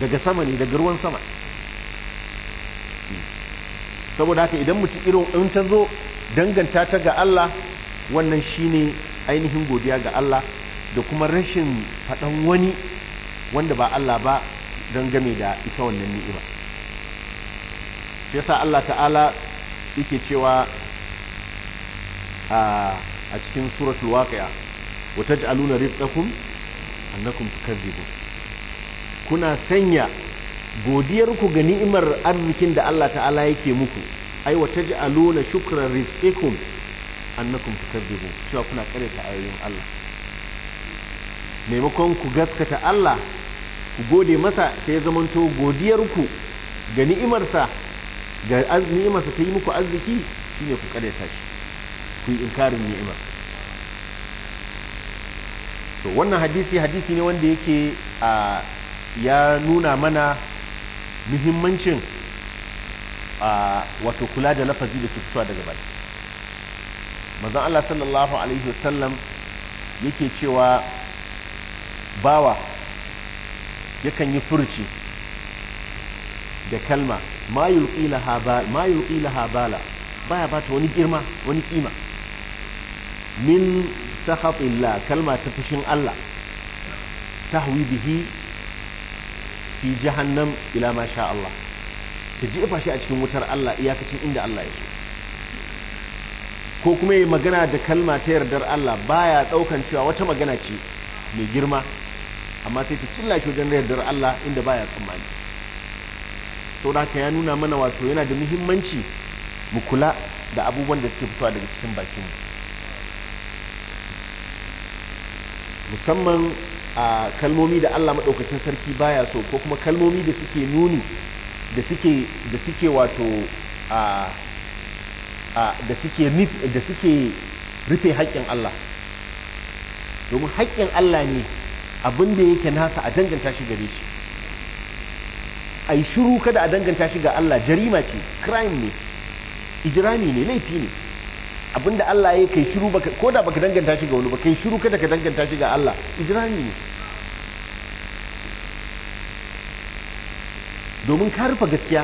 daga sama ne daga ruwan sama saboda haka idan mutum irin in ta zo danganta ta ga Allah wannan shine ainihin godiya ga Allah da kuma rashin faɗan wani wanda ba Allah ba don game da ita wannan ni'ima shi yasa Allah ta'ala yake cewa a cikin suratul waqi'a wa taj'aluna rizqakum annakum tukadzibun kuna sanya godiyar ku ga ni'imar arzikin da Allah ta'ala yake muku ai wa taj'aluna shukra rizqikum annakum tukadzibun cewa kuna kare ta ayoyin Allah maimakon ku gaskata Allah ku gode masa sai zamanto godiyar ku ga ni'imarsa ga ni'imarsa ta yi muku arziki shine ku karyata shi ku yi inkarin ni'imar to wannan hadisi hadisi ne wanda yake a ya nuna mana muhimmancin a wato kula da lafazi da fitowa daga baki manzon Allah sallallahu alaihi wasallam yake cewa bawa yakan yi furci da kalma ma yulqi laha bala baya bata wani girma wani kima min sakhatillah kalma ta fushin Allah tahwi bihi fi jahannam ila ma sha Allah ta ji shi a cikin wutar Allah iyakacin inda Allah ya ko kuma yi magana da kalma ta yardar Allah baya daukan cewa wata magana ce mai girma amma sai ta cilla shi wajen yardar Allah inda baya tsammani saboda ya nuna mana wato yana da muhimmanci mu kula da abubuwan da suke fitowa daga cikin bakinmu musamman a kalmomi da Allah maɗaukakin sarki baya so ko kuma kalmomi da suke nuni da suke da suke wato a da suke da suke rufe haƙƙin Allah domin haƙƙin Allah ne abin da yake nasa a danganta shi gare shi a yi shuru kada a danganta shi ga Allah jarima ce crime ne ijirami ne laifi ne abinda Allah ya kai shuru baka ko da baka danganta shi ga wani ba kai shuru kada ka danganta shi ga Allah ijirami ne domin ka rufe gaskiya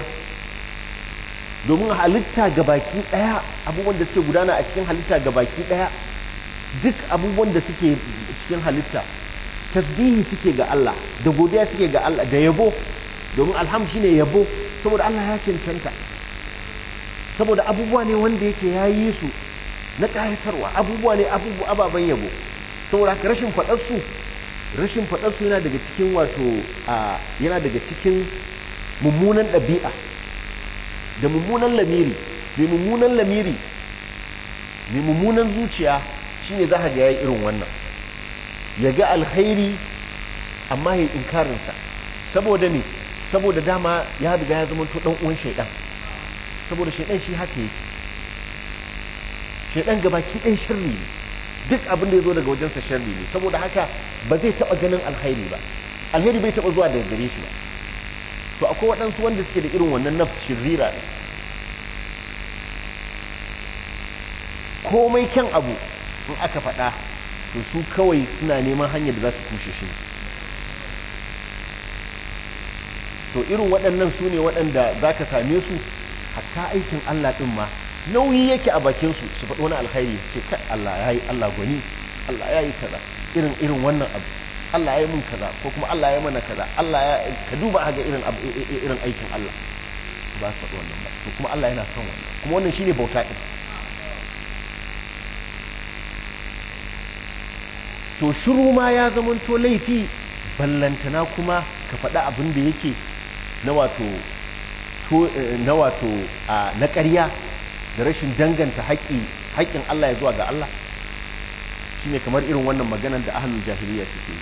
domin halitta ga baki daya abubuwan da suke gudana a cikin halitta ga baki daya duk abubuwan da suke cikin halitta tasbihi suke ga Allah da godiya suke ga Allah da yabo domin alhamd shine yabo saboda Allah ya cancanta saboda abubuwa ne wanda yake ya yi su na kayatarwa abubuwa ne abubuwa ababen yabo saboda ka rashin faɗarsu rashin faɗarsu yana daga cikin wato yana daga cikin mummunan ɗabi'a da mummunan lamiri mai mummunan lamiri mai mummunan zuciya shine za ka ga yayi irin wannan ya ga alkhairi amma ya inkarinsa saboda ne saboda dama ya riga ya zama dan uwan shaidan saboda shaidan shi haka yake shaidan ki dan sharri ne duk abin da ya zo daga wajensa sharri ne saboda haka ba zai taba ganin alkhairi ba alheri bai taɓa zuwa daga gare shi ba to akwai waɗansu wanda suke da irin wannan nafs shirira ne komai kyan abu in aka faɗa to su kawai suna neman hanyar da za su kushe shi to irin waɗannan su ne waɗanda za ka same su hatta aikin Allah ɗin ma nauyi yake a bakinsu su faɗo na alkhairi ce kai Allah ya yi Allah gwani Allah ya yi kaza irin irin wannan abu Allah ya yi mun kaza ko kuma Allah ya yi mana kaza Allah ya ka duba haka irin irin aikin Allah ba su faɗo wannan ba to kuma Allah yana son wannan kuma wannan shine bauta ɗin to shiru ma ya zamanto laifi ballantana kuma ka faɗa abin da yake na wato eh, na na ƙarya da rashin danganta haƙƙin Allah ya zuwa ga Allah shine kamar irin wannan maganan da ahlul jahiliya suke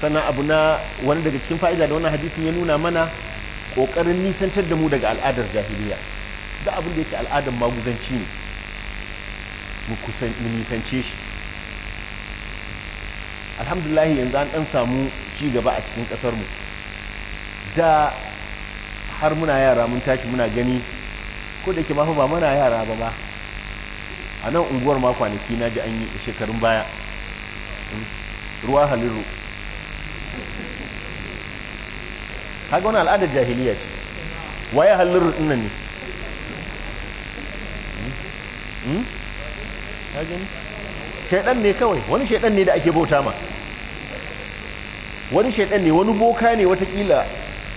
sannan abu na wani daga cikin fa'iza da wannan hadisin ya nuna mana ƙoƙarin nisantar da mu daga al'adar jahiliya da abin da yake al'adar maguzanci ne mu nisance shi alhamdulahi yanzu an ɗan samu ci gaba a cikin ƙasarmu da har muna yara mun tashi muna gani ko da ke mafi ba muna yara ba ba a nan unguwar ma kwanaki na ji an yi shekarun baya ruwa haliru haka wani al'adar jahiliya ce waye haliru dinnan ne hmm? Hmm? shaidan ne kawai wani shaidan ne da ake bauta ma wani shaidan ne wani boka ne watakila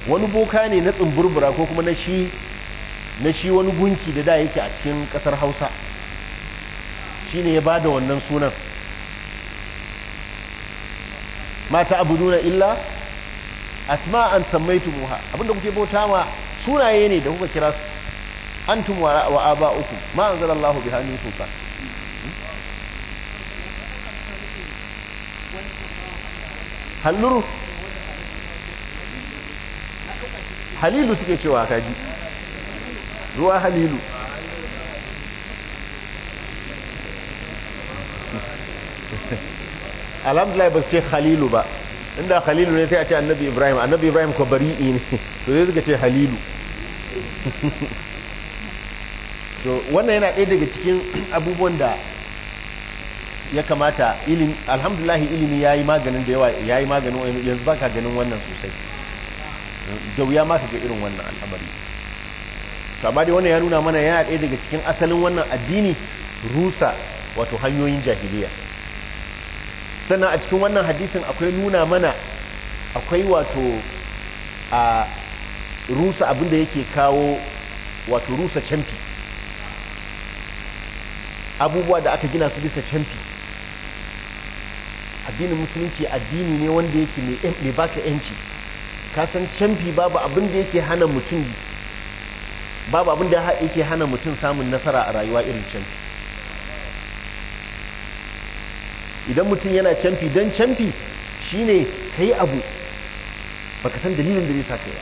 wani boka ne na tsumburbura ko kuma na shi wani gunki da da yake a cikin kasar hausa shi ne ya ba da wannan sunan mata abu nuna illa asma'an sammaitu muha abinda kuke bauta ma sunaye ne da kuka kira su antum wa uku ma zara allahu bi hannun sosa halilu suke cewa kaji ruwa halilu alhamdulillah ba su ce halilu ba inda halilu ne sai a ce annabi ibrahim annabi ibrahim ko bari'i ne to zai suka ce halilu so wannan yana ɗaya daga cikin abubuwan da ya kamata ilimi alhamdulillah ilimi yi maganin da yawa ya yi maganin yanzu ba ka ganin wannan sosai da wuya ma ka ga irin wannan al'amari amma dai wannan ya nuna mana yana ɗaya daga cikin asalin wannan addini rusa wato hanyoyin jahiliya sannan a cikin wannan hadisin akwai nuna mana akwai wato a rusa abinda yake kawo wato rusa camfi abubuwa da aka gina su bisa camfi addinin musulunci addini ne wanda yake mai baka yanci kasan canfi babu abin da yake hana mutum babu abin da yake hana mutum samun nasara a rayuwa irin canfi idan mutum yana canfi don canfi shine yi abu baka san dalilin da zai sa kai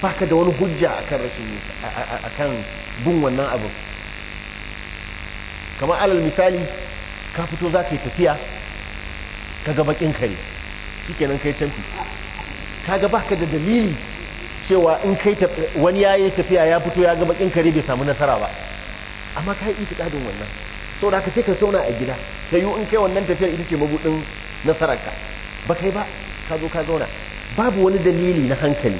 ba ka da wani hujja akan rashin akan bin wannan abu kamar alal misali ka fito za ka yi tafiya ka ga bakin kare ka kai canfi kaga baka da dalili cewa in kai wani yayi tafiya ya fito ya ga bakin kare bai samu nasara ba amma kai itikadin wannan saboda aka sai ka sauna a gida sai yi in kai wannan tafiyar ita ce mabudin nasararka ba kai ba ka zo ka zauna babu wani dalili na hankali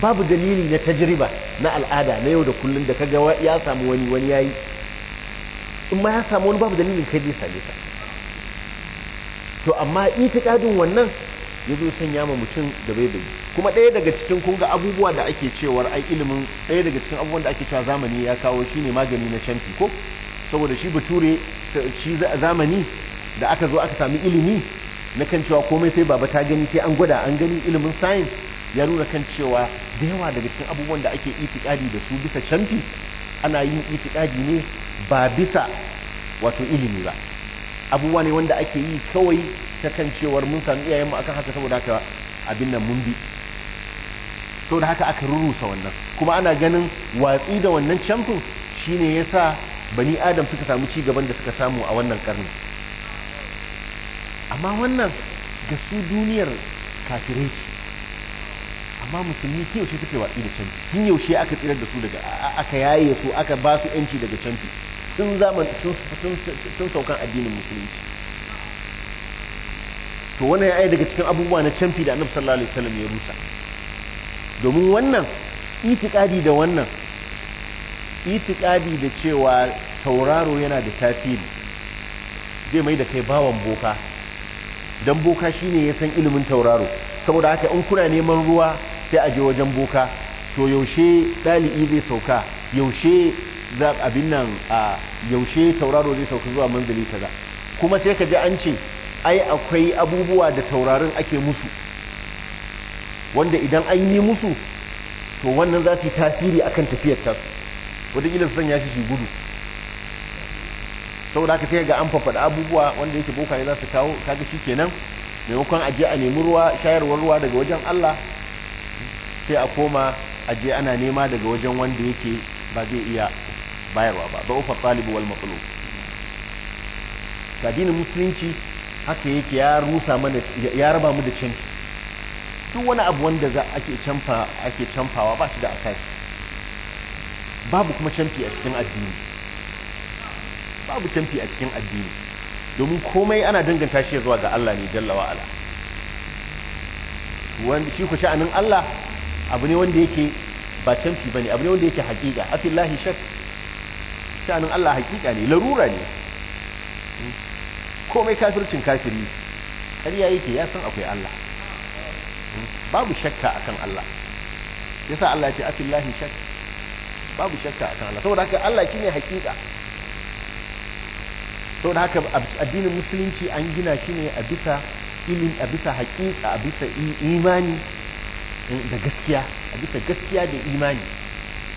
babu dalili na tajriba na al'ada na yau da kullun da kaga ya samu wani wani yayi in ma ya samu wani babu dalilin kai zai same ka to amma itikadin wannan ya zo sanya ma mutum da bai bai kuma ɗaya daga cikin kun ga abubuwa da ake cewar ai ilimin ɗaya daga cikin abubuwan da ake cewa zamani ya kawo shine magani na canfi ko saboda shi bature shi zamani da aka zo aka sami ilimi na kan cewa komai sai baba ta gani sai an gwada an gani ilimin science ya nuna kan cewa da yawa daga cikin abubuwan da ake itikadi da su bisa canfi ana yin itikadi ne ba bisa wato ilimi ba abubuwa ne wanda ake yi kawai ta kan cewar mun sami iyayenmu akan haka saboda haka abin nan mun bi to da haka aka rurrusa wannan kuma ana ganin watsi da wannan camfin shine yasa bani adam suka samu ci gaban da suka samu a wannan karni amma wannan ga su duniyar kafirai ce amma musulmi tun yaushe suke watsi da canfi tun yaushe aka tsirar da su daga aka yaye su aka ba su yanci daga canfi tun zaman tun saukan addinin musulunci to wannan ya daga cikin abubuwa na canfi da annabi sallallahu alaihi wasallam ya rusa domin wannan itikadi da wannan itikadi da cewa tauraro yana da tasiri zai mai da kai bawan boka dan boka shine ya san ilimin tauraro saboda haka in kuna neman ruwa sai a je wajen boka to yaushe ɗali'i zai sauka yaushe za abin nan a yaushe tauraro zai sauka zuwa manzili kaza kuma sai ka ji an ce ai akwai abubuwa da taurarin ake musu wanda idan an yi musu to wannan za su yi tasiri akan tafiyar ta wataƙila su sanya shi shi gudu saura ka sai ga an fafaɗa abubuwa wanda yake boka ya za su kawo kaga shi kenan maimakon aje a nemi ruwa shayarwar ruwa daga wajen Allah sai a koma aje ana nema daga wajen wanda yake ba zai iya bayarwa ba da'ufa talibu wal matlub dinin musulunci haka yake ya rusa mana ya raba mu da canfi duk wani abu wanda za ake canfa ake canfawa ba shi da asasi babu kuma canfi a cikin addini babu canfi a cikin addini domin komai ana danganta shi zuwa ga Allah ne jalla wa ala wanda shi ku sha'anin Allah abu ne wanda yake ba canfi bane abu ne wanda yake haƙiƙa afillahi shakk shanun Allah hakika ne larura ne komai kafircin kafiri ƙarya yake ya san akwai Allah babu shakka akan Allah yasa Allah ce afillahi shakka babu shakka akan Allah saboda haka Allah shine hakika saboda haka addinin musulunci an gina shi ne a bisa ilin a bisa hakika a bisa imani eh, da gaskiya a bisa gaskiya da imani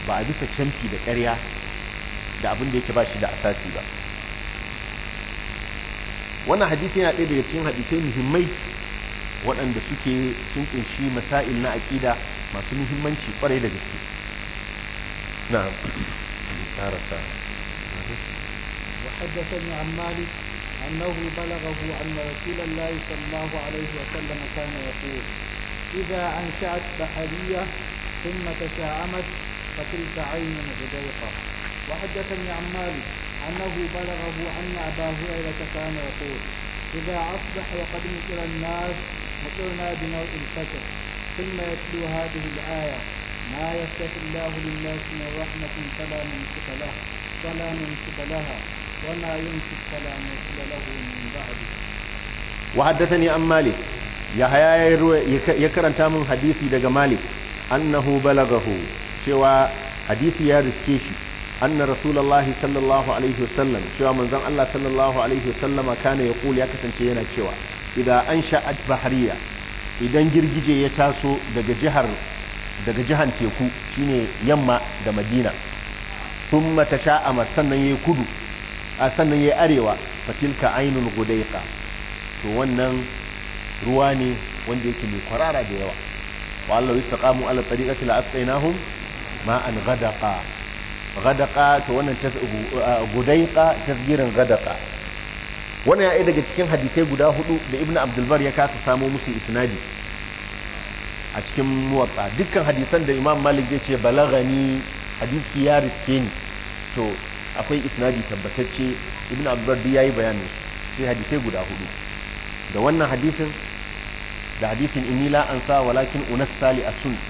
ba a bisa canfi da ƙarya da abin da yake ba shi da asasi ba wannan hadisi yana ɗaya daga cikin hadisai muhimmai waɗanda suke sun kunshi masail na aƙida masu muhimmanci ƙwarai da gaske na ƙarasa وحدثني عن مالك أنه بلغه أن رسول الله صلى الله عليه وسلم كان يقول إذا أنشأت بحرية ثم تشاءمت فتلك عين غديقة وحدثني عن مالك أنه بلغه أن أبا هريرة كان يقول إذا أصبح وقد نكر الناس نكرنا بنوع الفجر ثم يتلو هذه الآية ما يفتح الله للناس من رحمة فلا ممسك له فلا ممسك لها وما يمسك فلا مرسل له من بعده وحدثني عن مالك يا هيا يكرن تام حديثي daga مالك أنه بلغه شوى حديثي يا riske anna rasulullahi sallallahu alaihi wasallam cewa manzon Allah sallallahu alaihi wasallama kana ya kula ya kasance yana cewa idan an sha'at bahariya idan girgije ya taso daga jihar daga jihan teku shine yamma da madina thumma tasha'ama sannan yayi kudu a ya yayi arewa fatilka ainul gudaiqa to wannan ruwa ne wanda yake mai kwarara da yawa wa Allah yastaqamu ala tariqati la asqainahum ma'an ghadaqa gadaka to wannan uh, gudaika tasgirin gadaka wannan ya daga cikin hadisai guda hudu da ibnu abdulbar ya kasa samo musu isnadi a cikin muwatta dukkan hadisan da imam malik ya ce balagani hadisi ya riske ni to akwai isnadi tabbatacce ibnu abdulbar duk yayi bayani sai hadisai guda hudu da wannan hadisin da hadisin inni la ansa walakin unassali as-sunnah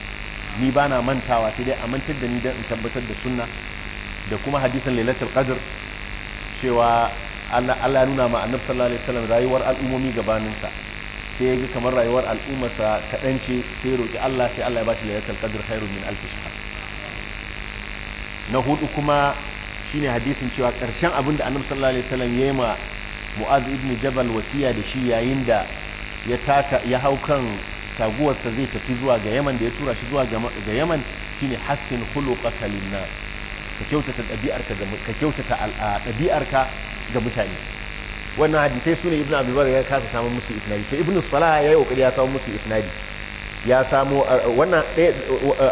ni ba na mantawa sai dai a mantar da ni dan in tabbatar da sunna da kuma hadisan lailatul qadr cewa Allah nuna ma annabi sallallahu alaihi wasallam rayuwar al'ummomi gabanin sa sai yaga kamar rayuwar al'umma kadan ce sai roki Allah sai Allah ya bashi lailatul qadr khairun min alf shahr na hudu kuma shine hadisin cewa karshen abin da annabi sallallahu alaihi wasallam yayi ma mu'az ibn jabal wasiya da shi yayin da ya taka ya hau kan taguwarsa zai tafi zuwa ga yaman da ya tura shi zuwa ga yaman shine hassin khuluqaka linnas ka kyautata dabi'arka ga ka kyautata dabi'arka ga mutane wannan hadisai sune abi abdulbar ya kasa samu musu isnadi to Ibn salah ya yi kokari ya samu musu isnadi ya samu wannan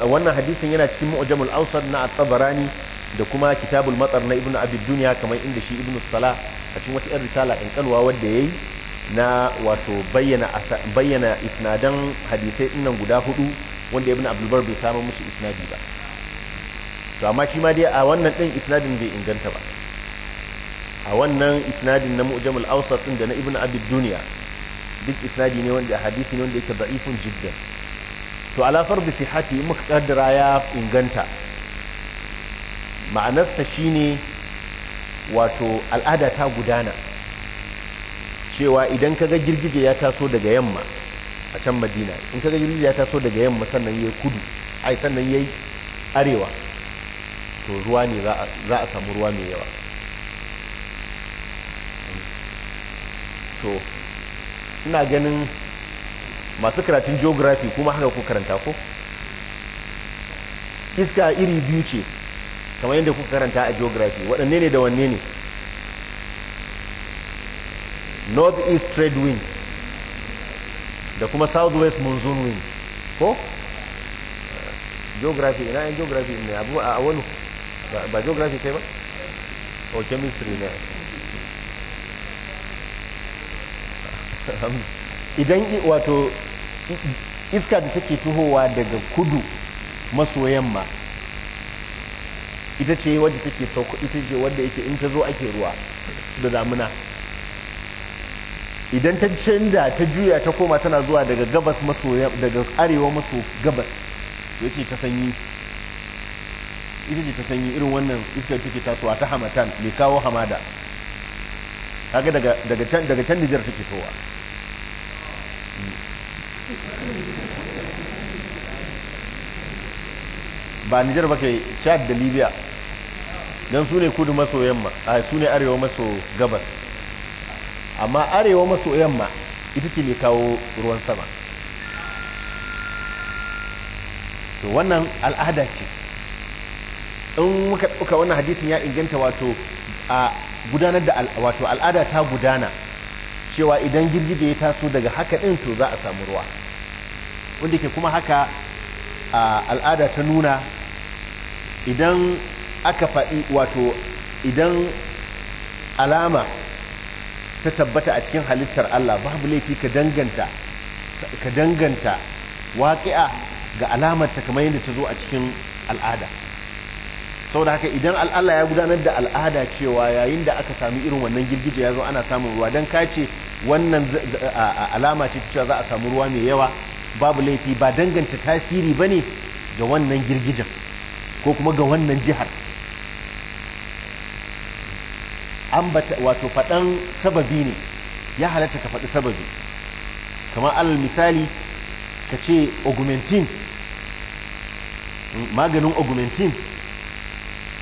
wannan hadisin yana cikin mu'jamul awsad na at-tabarani da kuma kitabul matsar na ibnu abi dunya kamar inda shi Ibn salah a cikin wata risala in kalwa wanda yayi na wato bayyana bayyana isnadan hadisai nan guda hudu wanda ibnu abdulbar bai samu musu isnadi ba to amma shi ma dai a wannan din isnadin bai inganta ba a wannan isnadin na mu'jamul awsat din da na ibnu abi dunya duk isnadi ne wanda hadisi ne wanda yake da'ifun jiddan to ala fardu sihhati muka kaddara ya inganta ma'anarsa shine wato al'ada ta gudana cewa idan kaga girgije ya taso daga yamma a can madina in kaga girgije ya taso daga yamma sannan yayi kudu ai sannan yayi arewa to ruwa ne za a samu ruwa mai yawa to ina ganin masu karatun geography kuma haka ku karanta ko iska iri biyu ce kamar yadda ku karanta a geography waɗanne ne da wanne ne north east trade wind da kuma south west monsoon wind ko geography ina yin geography ne abu a wani ba geografi kai ba o oh, chemistry ne idan wato iska da take tuhowa daga kudu maso yamma ita ce wadda take sauko ita ce wadda yake in ta zo ake ruwa da damuna idan ta canza ta juya ta koma tana zuwa daga gabas maso daga arewa maso gabas yake ta sanyi ita ce ta sanyi irin wannan iskar take tasowa ta hamatan mai kawo hamada kaga daga can daga can Niger take towa ba nijar ba kai Chad da Libya don su ne kudu maso yamma a su ne arewa maso gabas amma arewa maso yamma ita ce mai kawo ruwan sama to wannan al'ada ce in muka ɗauka wannan hadisin ya inganta wato a gudanar da wato al'ada ta gudana cewa idan girgije ya taso daga haka ɗin to za a samu ruwa wanda ke kuma haka al'ada ta nuna idan aka faɗi wato idan alama ta tabbata a cikin halittar Allah babu laifi ka danganta ka danganta waƙi'a ga alamar ta kamar yadda ta zo a cikin al'ada saboda haka idan al'allah ya gudanar da al'ada cewa yayin da aka sami irin wannan girgije ya zo ana samun ruwa don kace wannan alama ce cewa za a samu ruwa mai yawa babu laifi ba danganta tasiri ba ne ga wannan girgijen ko kuma ga wannan jihar an wato faɗan sababi ne ya halatta ka faɗi sababi kamar alal misali ka ce augmentin maganin augmentin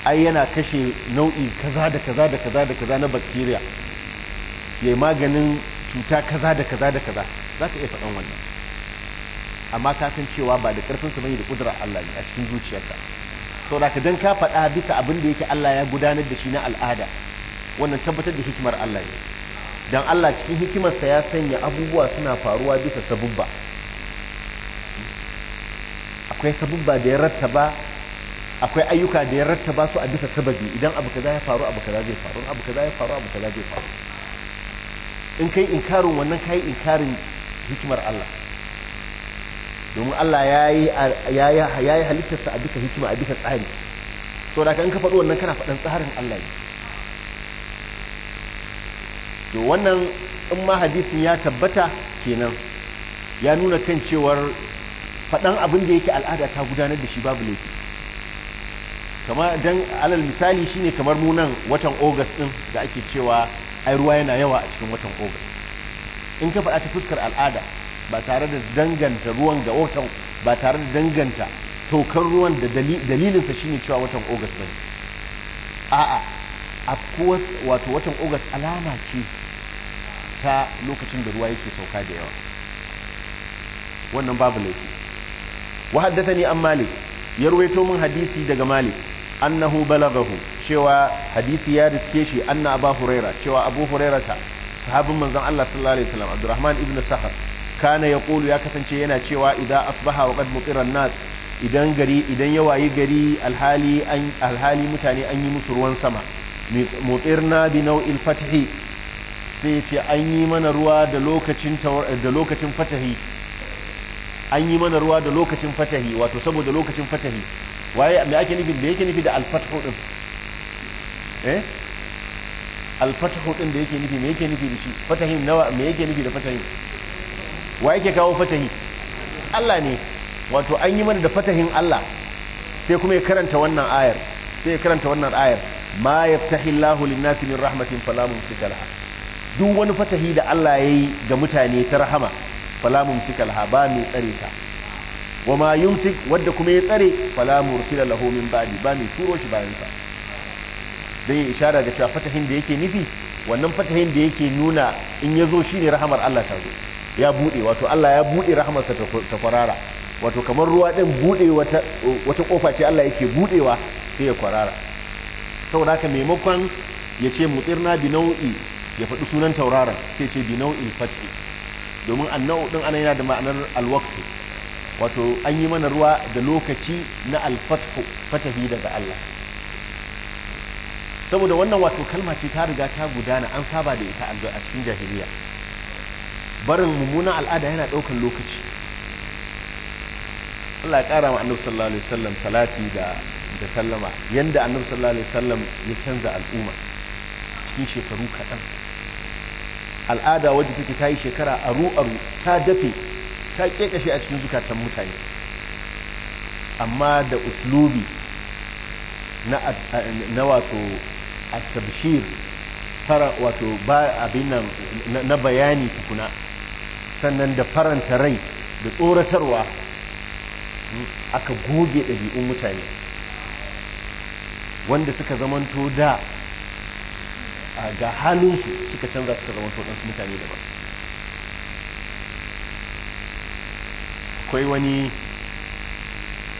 ai yana kashe nau'i kaza da kaza da kaza da kaza na bacteria ya maganin cuta kaza da kaza da kaza za ka iya faɗan wannan amma ka san cewa ba da ƙarfinsa bane da a Allah ne a cikin zuciyarka sau da ka ka faɗa bisa abin da yake Allah ya gudanar da shi na al'ada wannan tabbatar da hikimar Allah ne don Allah cikin hikimarsa ya sanya abubuwa suna faruwa bisa sabubba akwai sabubba da ya rattaba akwai ayyuka da ya rattaba su a bisa sababi idan abu kaza ya faru abu kaza zai faru abu kaza ya faru abu kaza zai faru in kai inkarin wannan kai inkarin hikimar Allah domin Allah ya yi halittarsa a bisa hikima a bisa tsari so da kan ka faɗo wannan kana faɗin tsarin Allah ne to wannan in ma hadisin ya tabbata kenan ya nuna kan cewar faɗan abin da yake al'ada ta gudanar da shi babu laifi kama dan alal misali shine kamar mu watan august din da ake cewa ai ruwa yana yawa a cikin watan august in ka faɗa ta fuskar al'ada ba tare da danganta ruwan ga watan ba tare da danganta tokar ruwan da dalilinsa shine cewa watan august bane a'a a wato watan august alama ce ta lokacin da ruwa yake sauka da yawa wannan babu laifi wa haddathani an malik ya ruwaito min hadisi daga malik annahu balagahu cewa hadisi ya riske shi anna abu huraira cewa abu huraira ta sahabin manzon Allah sallallahu alaihi wasallam abdurrahman ibn sahar kana kulu ya kasance yana cewa idan asbaha wa qad nas idan gari idan ya wayi gari alhali an alhali mutane an yi musu ruwan sama muqirna bi nau'il fathi sai ce an yi mana ruwa da lokacin da lokacin fatahi an yi mana ruwa da lokacin fatahi wato saboda lokacin fatahi waye me ake nufi me yake nufi da al-fathu din eh al-fathu din da yake nufi me yake nufi da shi fatahin nawa me yake nufi da fatahin Waye yake kawo fatahi Allah ne wato an yi mana da fatahin Allah sai kuma ya karanta wannan ayar sai ya karanta wannan ayar ma yaftahillahu lin-nasi min rahmatin fala mumsika laha duk wani fatahi da Allah yayi ga mutane ta rahama fala mumsika ba mai tsare ta wa ma yumsik wadda kuma ya tsare fala mursila lahu min ba'di ba mai turo shi bayan sa dan ya isharar ga cewa fatahin da yake nufi wannan fatahin da yake nuna in yazo zo shine rahamar Allah ta zo ya bude wato Allah ya bude sa ta kwarara wato kamar ruwa din bude wata wata kofa ce Allah yake budewa sai ya kwarara saboda haka maimakon ya ce mutsirna bi nau'i ya faɗi sunan tauraron sai ce bi nau'il fatih domin annau din ana yana da ma'anar alwaqtu wato an yi mana ruwa da lokaci na alfathu fatahi daga Allah saboda wannan wato kalma ce ta riga ta gudana an saba da ita a cikin jahiliya barin mummunan al'ada yana daukan lokaci Allah ya kara wa annabi sallallahu alaihi salati da sallama yanda annabi sallallahu alaihi ya canza al'umma cikin shekaru kaɗan al'ada wadda take ta yi shekara aru-aru ta dafe ta kekashe a cikin zukatan mutane amma da uslubi na wato a tabshir fara wato na bayani tukuna sannan da faranta rai da tsoratarwa hmm, aka goge ɗabi'un mutane wanda suka zamanto da ga halinsu suka canza suka zama waɗansu mutane daban akwai wani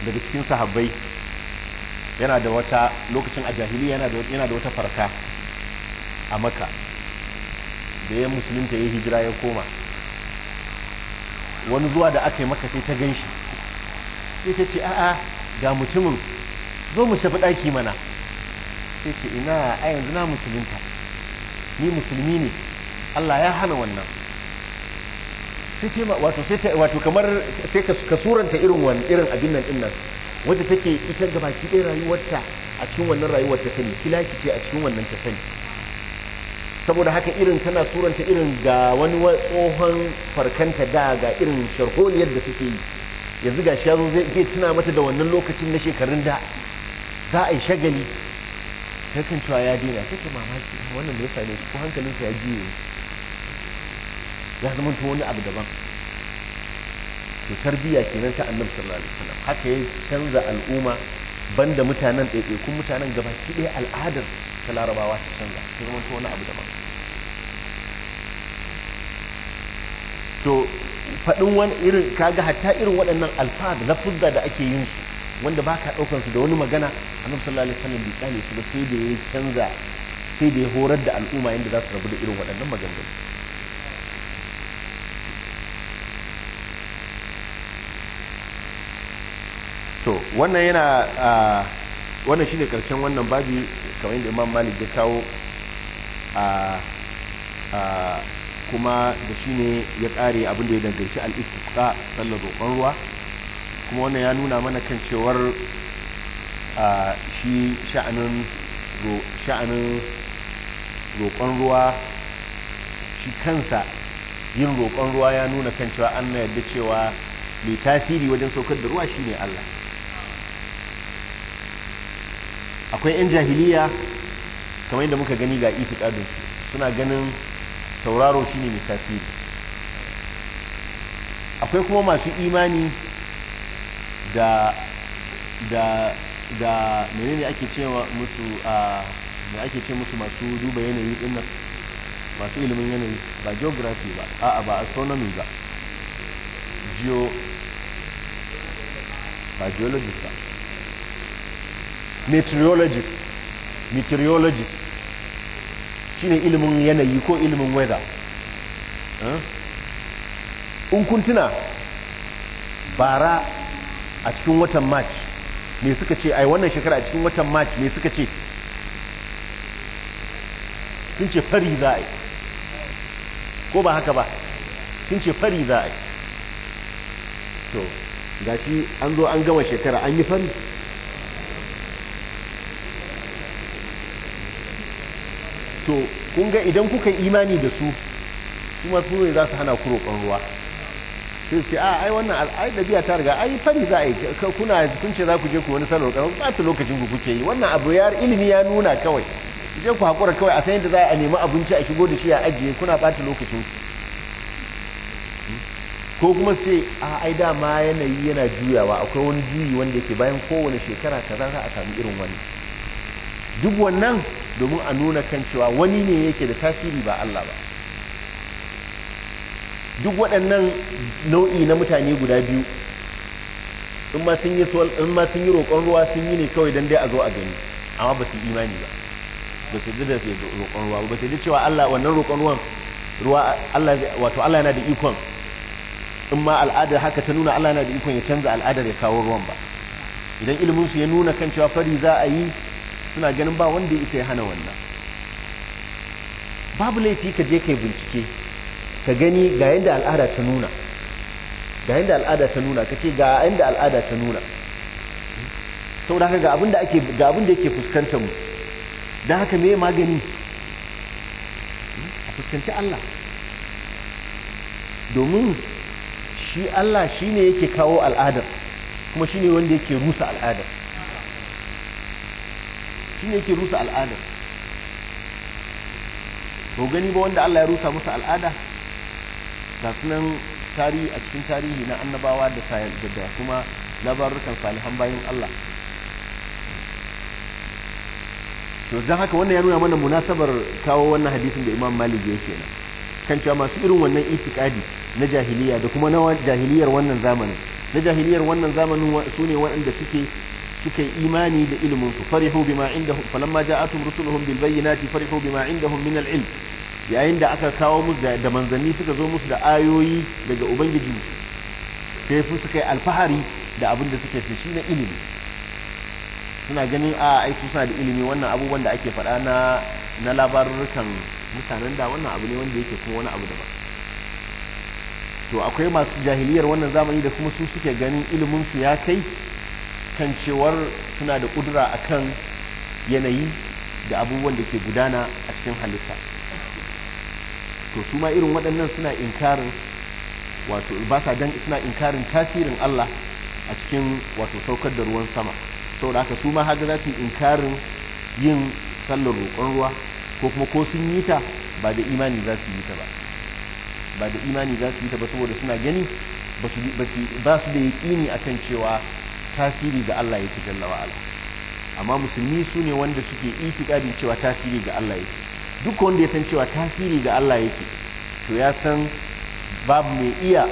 daga cikin sahabbai yana da wata lokacin a jahiliya yana da wata farka a maka da ya musulunta ya hijira ya koma wani zuwa da aka yi maka sai ta gan shi sai ta ce a'a ga mutumin zo mu shafi ɗaki mana sai ce ina a yanzu na musulunta ni musulmi ne Allah ya hana wannan sai wato kamar sai ka suranta irin irin abin nan din nan wanda take ita gaba ki ɗaya rayuwarta a cikin wannan rayuwar ta sani kilaki ce a cikin wannan ta sani saboda haka irin tana suranta irin ga wani tsohon farkanta da ga irin sharholiyar da suke yi yanzu ga shi yazo zai tuna mata da wannan lokacin na shekarun da za a yi shagali takan cewa ya daina take mamaki wannan da ya same shi ko hankalinsa ya juye ya zama to wani abu daban to tarbiyya kenan ta annabi sallallahu alaihi wasallam haka ya canza al'umma banda mutanen kun mutanen gabaki ɗaya al'adar ta larabawa ta canza ta zama to wani abu daban to faɗin wani irin kaga hatta irin waɗannan alfad lafuzza da ake yin su wanda ba ka ɗaukar su da wani magana annabi sallallahu alaihi wasallam bai kyale su ba sai da ya canza sai da ya horar da al'umma yadda za su rabu da irin waɗannan maganganu to wannan yana wannan shine karshen wannan babi kamar yadda imam malik ya kawo kuma da shine ya kare abin da ya danganci al-istiqa sallar roƙon ruwa kuma wannan ya nuna mana kan cewar shi sha'anin roƙon ruwa shi kansa yin roƙon ruwa ya nuna kan cewa an na yadda cewa mai tasiri wajen saukar da ruwa shine Allah akwai 'yan jahiliya kamar yadda muka gani ga itikadun suna ganin tauraro shine mai tasiri akwai kuma masu imani da da da menene ake cewa musu a da ake ce musu masu duba yanayi din nan masu ilimin yanayi ba geography ba a a ba astronomy ba geo ba geologist ba meteorologist meteorologist shine ilimin yanayi ko ilimin weather in kun bara a cikin watan march me suka ce ai wannan shekara a cikin watan march me suka ce sun ce fari za a yi ko ba haka ba sun ce fari za a yi to gashi an zo an gama shekara an yi fari to kun ga idan kuka imani da su su masu ne za su hana ku roƙon ruwa sai ce a ah, ai wannan al'ai ta riga ai fari za a yi kuna kun ce za ku je ku wani sanar kan ba ta lokacin ku kuke yi wannan abu ya ilimi ya nuna kawai je ku hakura kawai a san yadda za a nemi abinci a shigo da shi a ajiye kuna ba ta lokacin ku ko kuma ce a ai dama yanayi yana juyawa akwai wani juyi wanda yake bayan kowane shekara kaza za a samu irin wani duk wannan domin a nuna kan cewa wani ne yake da tasiri ba Allah ba duk waɗannan nau'i na mutane guda biyu in ma sun yi roƙon ruwa sun yi ne kawai don dai a zo a gani amma ba su imani ba ba su da su roƙon ruwa ba su yi cewa Allah wannan roƙon ruwan Allah wato Allah yana da ikon in ma al'adar haka ta nuna Allah yana da ikon ya canza al'adar ya kawo ruwan ba idan iliminsu ya nuna kan cewa fari za a yi suna ganin ba wanda ya isa ya hana wannan babu laifi ka je kai bincike ka gani ga yadda al'ada ta nuna ga yadda al'ada ta nuna ka ce ga yadda al'ada ta nuna sau da haka ga abin da yake fuskanta mu don haka mai magani a fuskanci Allah domin shi Allah shi ne yake kawo al'adar kuma shi ne wanda yake rusa al'adar shi ne yake rusa al'adar to gani ba wanda Allah ya rusa musu al'ada ga tarihi a cikin tarihi na annabawa da da kuma labarukan salihan bayan Allah to dan haka wannan ya nuna mana munasabar kawo wannan hadisin da Imam Malik ya kenan kan cewa masu irin wannan itikadi na jahiliya da kuma na jahiliyar wannan zamanin na jahiliyar wannan zamanin su ne waɗanda suke suka yi imani da ilimin su farihu bima indahum falamma ja'atuhum rusuluhum bil bayyinati farihu bima indahum min al ilm yayin da aka kawo musu da manzanni suka zo musu da ayoyi daga ubangiji sai fi suka yi alfahari da abin da suke fi shi na ilimi suna ganin a ah, aiki suna da ilimi wannan abubuwan da ake faɗa na na labarukan mutanen da wannan abu ne wanda yake kuma wani abu daban to akwai masu jahiliyar wannan zamani da kuma su suke ganin ilimin su ya kai kan cewar suna da kudura akan yanayi da abubuwan da ke gudana a cikin halitta to su ma irin waɗannan suna inkarin wato ba sa dan suna inkarin tasirin Allah a cikin wato saukar da ruwan sama saboda haka su ma haka za su inkarin yin sallar roƙon ruwa ko kuma ko sun yi ta ba da imani za su yi ta ba ba da imani za su yi ta ba saboda suna gani ba su da yaƙini akan cewa tasiri ga Allah yake jallawa Allah amma musulmi sune ne wanda suke itikadin cewa tasiri ga Allah yake duk wanda ya san cewa tasiri ga Allah yake to ya san babu mai iya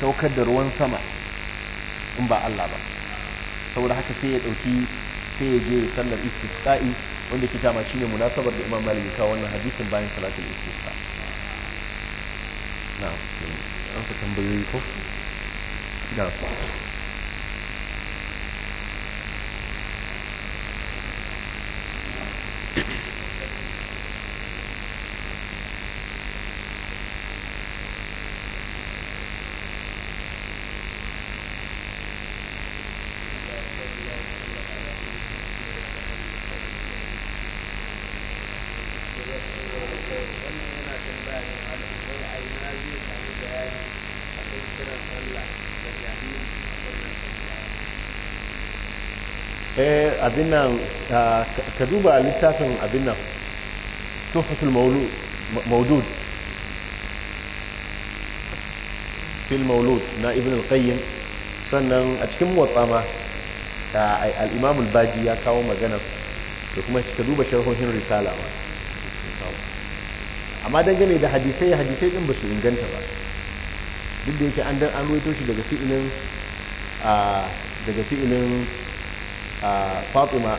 saukar da ruwan sama in ba Allah ba saboda haka sai ya dauki sai ya je sallar istisqa'i wanda ke tama shine munasabar da Imam Malik ya kawo wannan hadisin bayan salatul istisqa na an ka tambayoyi ko da Thank you. abinan ah, ka duba littafin abinan nan tuhfatul fil maulud na ibn al-qayyim sannan a cikin motsa ma ah, al-imam al-baji ya kawo magana da kuma ka duba sharhohin risala ma amma dangane da hadisai hadisai din ba su inganta ba duk da yake an dan an ruwaito shi daga fi'ilin ah, daga fi'ilin fatima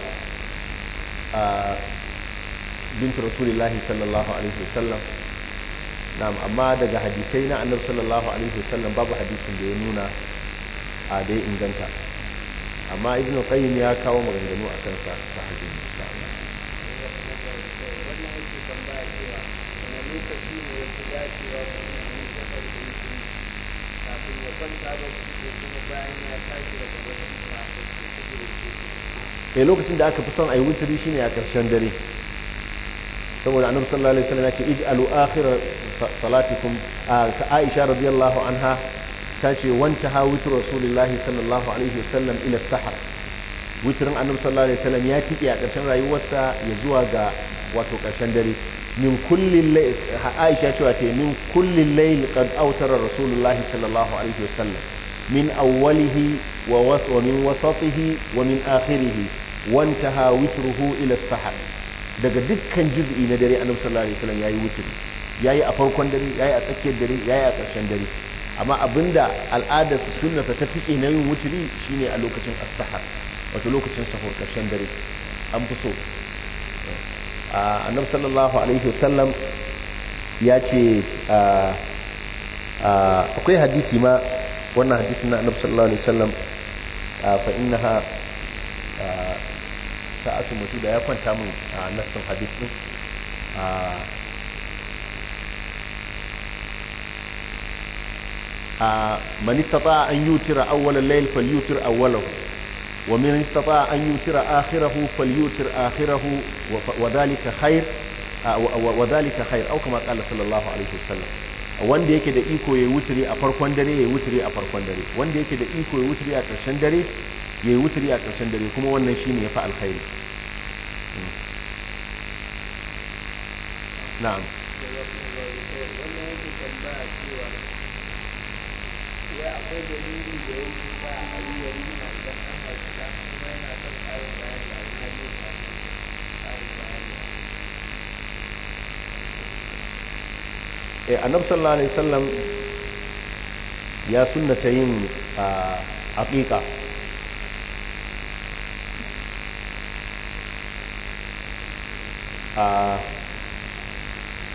bintu rasulullahi sallallahu alaihi wasallam na'am amma daga hadisai na annabi sallallahu alaihi wasallam babu hadisin da ya nuna a da ya inganta amma ibn qayyim ya kawo maganganu a kan sa ta hadisi insha Allah kafin ya kwanta da shi kuma bayan ya tashi daga wajen eh lokacin da aka fi son ayi wuturi shine a ƙarshen dare saboda annabi sallallahu alaihi wasallam ya ce ij'alu akhir salatikum ta Aisha radiyallahu anha ta ce wanta ha wutur rasulullahi sallallahu alaihi wasallam ila sahar wuturin annabi sallallahu alaihi wasallam ya tike a ƙarshen rayuwarsa ya zuwa ga wato ƙarshen dare min kullin layl Aisha cewa ta min kulli layl qad awtara rasulullahi sallallahu alaihi wasallam من أوله ووس ومن وسطه ومن آخره وانتهى وتره إلى السحر daga dukkan juz'i na dare annabi sallallahu alaihi wasallam yayi wuturi a farkon dare yayi a tsakiyar dare yayi a ƙarshen dare amma abinda al'adar su sunnata ta tike na yin wuturi shine a lokacin as wato lokacin sahur ƙarshen dare an fi so annabi sallallahu alaihi wasallam ya ce akwai hadisi ma wannan hadisi na annabi sallallahu alaihi wasallam fa innaha sa'atu mutu da ya kwanta mun a nassin hadith din a man istata an yutira awwal al-layl falyutir awwalahu wa man istata an yutira akhirahu falyutir akhirahu wa dhalika khair wa dhalika khair aw kama qala sallallahu alaihi wasallam wanda yake da iko ya yi wuturi a farkon dare ya yi wuturi a farkon dare wanda yake da iko ya yi wuturi a ƙarshen dare ya yi wuturi a ƙarshen dare kuma wannan shi ne ya fi alkhairi na'am ya akwai da Eh, annabi sallallahu alaihi wasallam ya sunnata yin aqiqa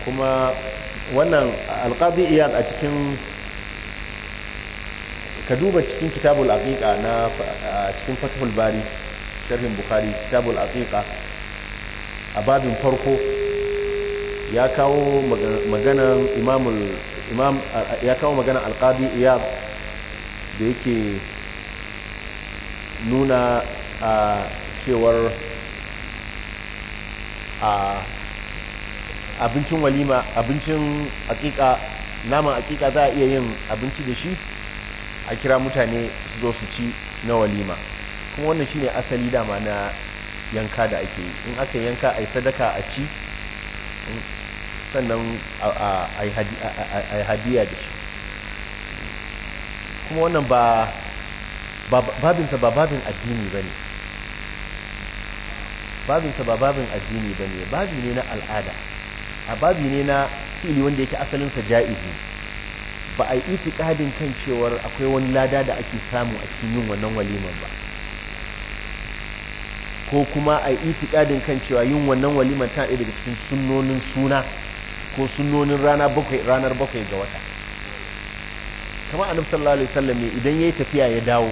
kuma wannan alqadi iyad a cikin ka duba cikin kitabul aqiqa na cikin fathul bari sharhin bukhari kitabul aqiqa a babin farko ya kawo maganan imamul imam ya kawo maganan alqadi iyab da yake nuna a cewar a abincin walima abincin akika naman akika za a iya yin abinci da shi a kira mutane su zo su ci na walima kuma wannan shine asali dama na yanka da ake yi in aka yanka ai sadaka a ci sannan a yi hadiya da shi kuma wannan ba babinsa ba babin addini ba ne babinsa ba babin addini ba ne babi ne na al'ada a babi ne na fili wanda yake asalinsa ja'izi ba a yi itikadin kan cewar akwai wani lada da ake samu a cikin yin wannan waliman ba ko kuma a itikadin kan cewa yin wannan walimar ta ɗaya daga cikin sunonin suna ko sunonin rana bakwai ranar bakwai ga wata kama annabi sallallahu alaihi wasallam ne idan yayi tafiya ya dawo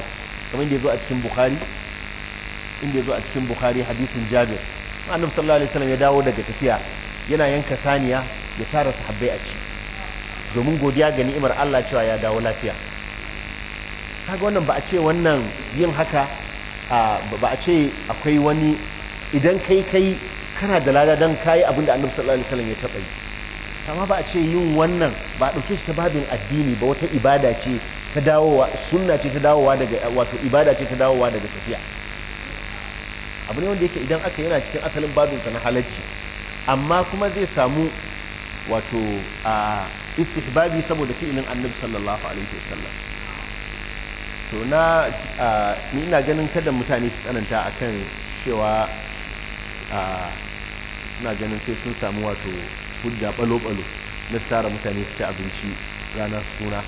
kamar ya yazo a cikin bukhari inda yazo a cikin bukhari hadisin jabir annabi sallallahu alaihi wasallam ya dawo daga tafiya yana yanka saniya ya tara sahabbai a ci domin godiya ga ni'imar Allah cewa ya dawo lafiya kaga wannan ba a ce wannan yin haka ba a ce akwai wani idan kai kai kana da lada don kayi abinda annab sallallahu alaihi wasallam ya taɓa yi amma ba a ce yin wannan ba a ɗauke shi ta babin addini ba wata ibada ce ta dawowa sunna ce ta dawowa daga wato ibada ce ta dawowa daga tafiya abu ne wanda yake idan aka yana cikin asalin babinsa na halacci amma kuma zai samu wato a istihbabi saboda fi'ilin annabi sallallahu alaihi wasallam to na ni ina ganin kada mutane su tsananta akan cewa ina ganin sai sun samu wato hujja balo-balo na tsara mutane su ci abinci ranar suna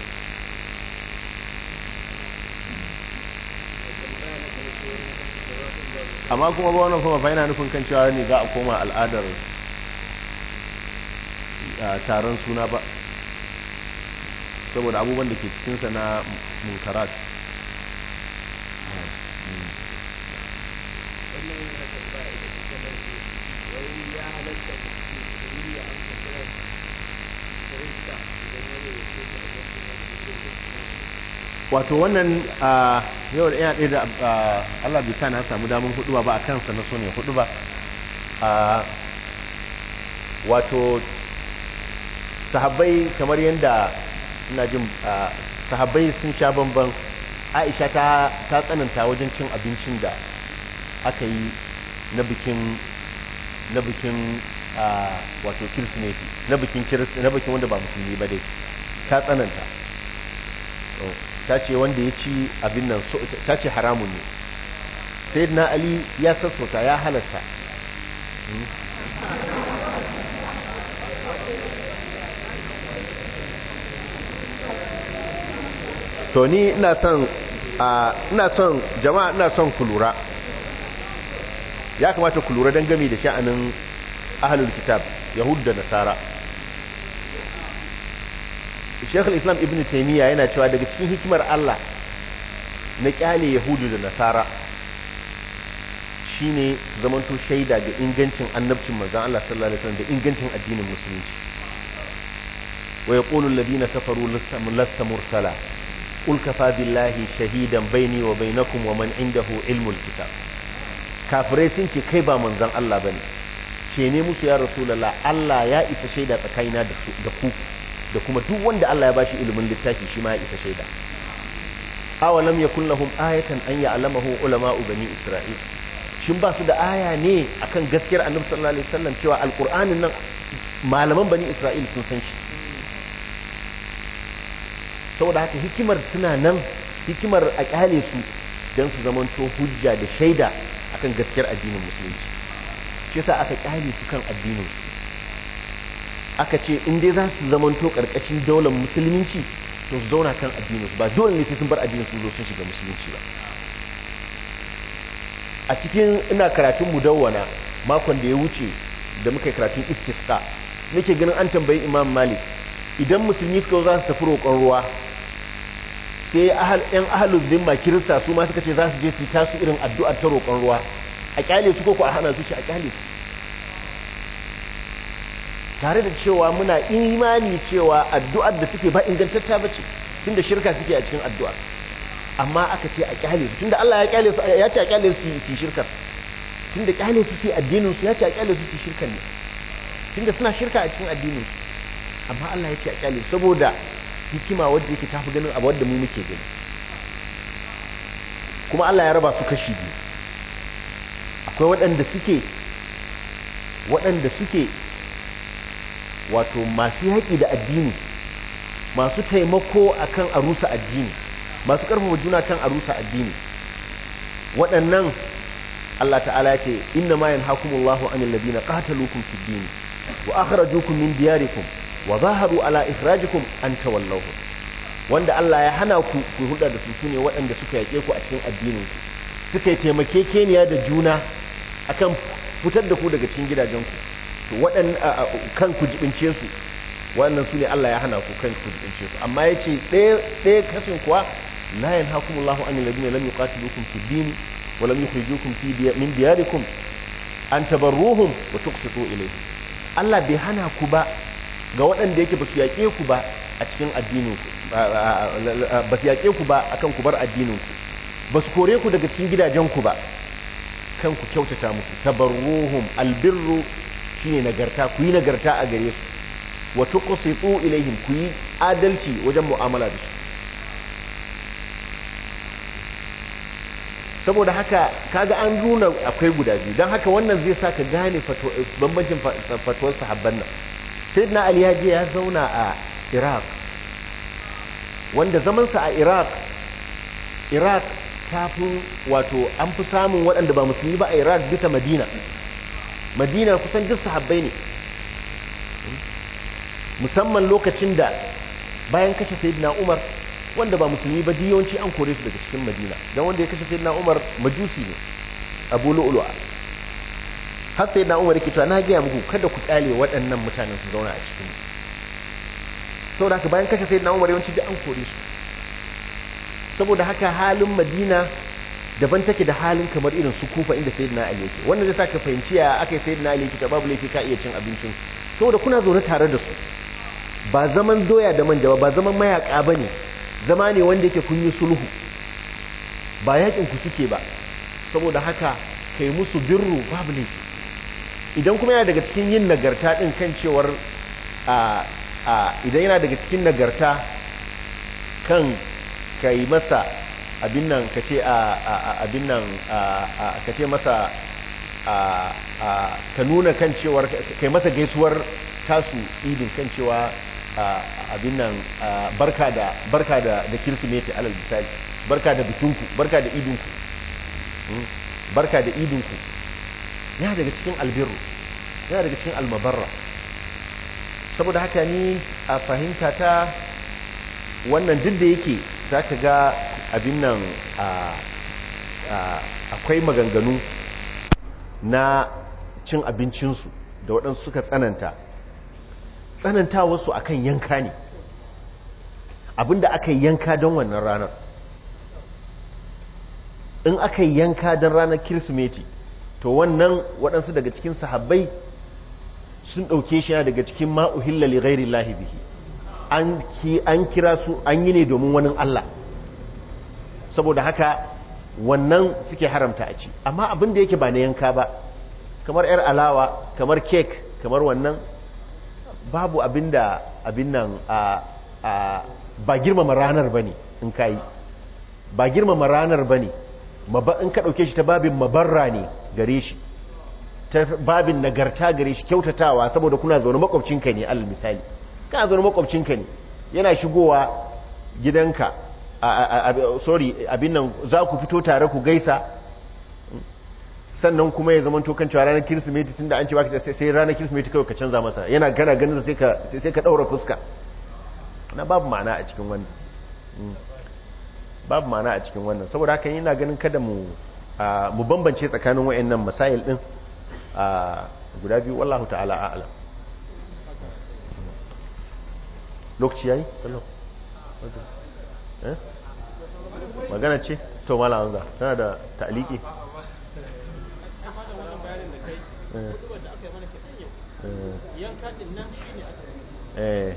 amma kuma ba wannan kuma yana nufin kan cewa ne za a koma al'adar taron suna ba saboda abubuwan da ke cikinsa na munkarat wato wannan yau da ɗaya da Allah bai sa na samu damun hudu ba a kansa na so ne a wato sahabbai kamar yadda ina jin sahabbai sun sha bamban aisha ta tsananta wajen cin abincin da aka yi na bikin na bikin wato kirsimeti na bikin wanda ba musulmi ba dai ta tsananta ta ce wanda ya ci abin nan ta ce haramun ne sai na ali ya sassauta ya halatta to ina son ina jama'a ina son kulura ya kamata kulura don gami da sha'anin ahalul kitab yahud da nasara shekul islam ibn taimiyya yana cewa daga cikin hikimar allah na kyale yahudu da nasara shine zamanto shaida ga ingancin annabcin manzon allah sallallahu alaihi wasallam da ingancin addinin musulunci wa yaqulu alladhina kafaru lasta mursala qul kafa billahi shahidan baini wa bainakum wa man indahu ilmul kitab kafirai sun ce kai ba manzon allah bane ce ne musu ya rasulullah allah ya isa shaida tsakanina da ku da kuma duk wanda Allah ya bashi ilimin littafi shi ma ya isa shaida awa lam yakun lahum ayatan an ya'lamahu ulama bani isra'il shin ba su da aya ne akan gaskiyar annabi sallallahu alaihi wasallam cewa alqur'anin nan malaman bani isra'il sun san shi saboda haka hikimar suna nan hikimar a kyale su dan su zamanto hujja da shaida akan gaskiyar addinin musulunci shi yasa aka kyale su kan addinin su aka ce in dai za su zamanto karkashin daular musulunci to su zauna kan addinin ba dole ne sai sun bar addinin su zo sun shiga musulunci ba a cikin ina karatun mu mudawwana makon da ya wuce da muka karatun istisqa nake ganin an tambayi imam malik idan musulmi suka za su tafi roƙon ruwa sai yan ahalu zimma kirista su ma suka ce za su je su tasu irin addu'ar ta roƙon ruwa a kyale su ko ku a hana su shi a kyale su tare da cewa muna imani cewa addu'ar da suke ba ingantatta tun tunda shirka suke a cikin addu'a amma aka ce a kyale su tunda Allah ya ce a kyale su su shirka tunda kyale su su addinin su ya ce a kyale su su shirka ne tunda suna shirka a cikin addinin su amma Allah ya ce a kyale saboda hikima wadda yake tafi ganin abu wadda mu muke gani kuma Allah ya raba su kashi biyu akwai waɗanda suke waɗanda suke wato masu yaƙi da addini masu taimako akan arusa addini masu ƙarfafa juna kan arusa addini waɗannan Allah ta'ala ce inna ma yanhakumullahu anil ladina na fid fiddini wa akhrajuukum min diyarikun wa zaharu ala ikirajikun an tawallahu wanda Allah ya hana ku ku hulɗa da su ne waɗanda suka yaƙe ku a cikin addinin suka yi keniya da juna akan fitar da ku daga cikin gidajenku to waɗan kan ku jibince su waɗannan su ne Allah ya hana ku kan ku jibince su amma yace ce ɗaya kasin kuwa la yanhakumullahu an ladina lam yuqatilukum fi din wa lam yukhrijukum min diyarikum an tabarruhum wa tuqsitu ilayhi Allah bai hana ku ba ga waɗanda yake basu yaƙe ku ba a cikin addinin ku ba su yaƙe ku ba akan ku bar addinin ku ba su kore ku daga cikin gidajen ku ba kan ku kyautata musu tabarruhum albirru shine nagarta ku yi nagarta a gare su wa tuqsitu ilaihim ku yi adalci wajen mu'amala da su saboda haka kaga an nuna akwai guda biyu don haka wannan zai sa ka gane bambancin fatuwar sahabban nan sai na ali yaje ya zauna a iraq wanda zamansa a iraq iraq ta fi wato an fi samun waɗanda ba musulmi ba a iraq bisa madina madina kusan duk sahabbai ne musamman lokacin da bayan kashe sayyidina umar wanda ba musulmi ba diyonci an kore su daga cikin madina don wanda ya kashe sayyidina umar majusi ne abu lu'lu'a har sayyidina umar yake cewa na gaya muku kada ku kyale waɗannan mutanen su zauna a cikin saboda haka bayan kashe sayyidina umar yawanci duk an kore su saboda haka halin madina daban take da halin kamar irin su kufa inda sayyidina ali yake wannan zai saka fahimci ya akai sayyidina ali yake babu laifi ka iya cin abincin saboda kuna zaune tare da su ba zaman doya da manja ba ba zaman mayaka bane zama ne wanda yake kun yi sulhu ba yakin ku suke ba saboda haka kai musu birru babu laifi idan kuma yana daga cikin yin nagarta din kan cewar a idan yana daga cikin nagarta kan kai masa abin nan ka ce abin nan ka ce masa ka nuna kan cewar kai masa gaisuwar tasu idin kan cewa abin nan barka da barka kirsimeti alal misali barka da bikinku barka da idinku hmm? barka da idinku yana daga cikin albirru yana daga cikin almabarra saboda haka ni a fahimta ta wannan duk da yake za ka ga abin nan akwai maganganu na cin abincinsu da waɗansu suka tsananta tsananta wasu kan yanka ne Abin da aka yanka don wannan ranar in aka yanka don ranar kirsimeti to wannan waɗansu daga cikin sahabbai sun ɗauke shi daga cikin ma'uhin li lahibihi an kira su an yi ne domin wani Allah saboda haka wannan suke haramta a ci amma abin da yake ba na yanka ba kamar yar alawa kamar kek kamar wannan babu abin da abin nan ba girmama ranar ba ne in kayi ba girmama ranar ba ne in ka ɗauke shi ta babin mabarra ne gare shi ta babin nagarta gare shi kyautatawa saboda kuna zaune makwabcinka ne alal misali kana zaune makwabcinka ne yana shigowa gidanka sorry abin nan za ku fito tare ku gaisa sannan kuma ya zama tokan cewa ranar kirsimeti tun da an ce wakita sai ranar kirsimeti kawai ka canza masa yana gana ganin sai ka ɗaura fuska na babu ma'ana a cikin wannan mm. babu ma'ana a cikin wannan saboda haka yana ganin kada mu bambance tsakanin nan masayil din guda biyu wallahu ta'ala ala lokaci yi salam Eh? magana ce to mala hanza tana da ta'aliki eh. Eh.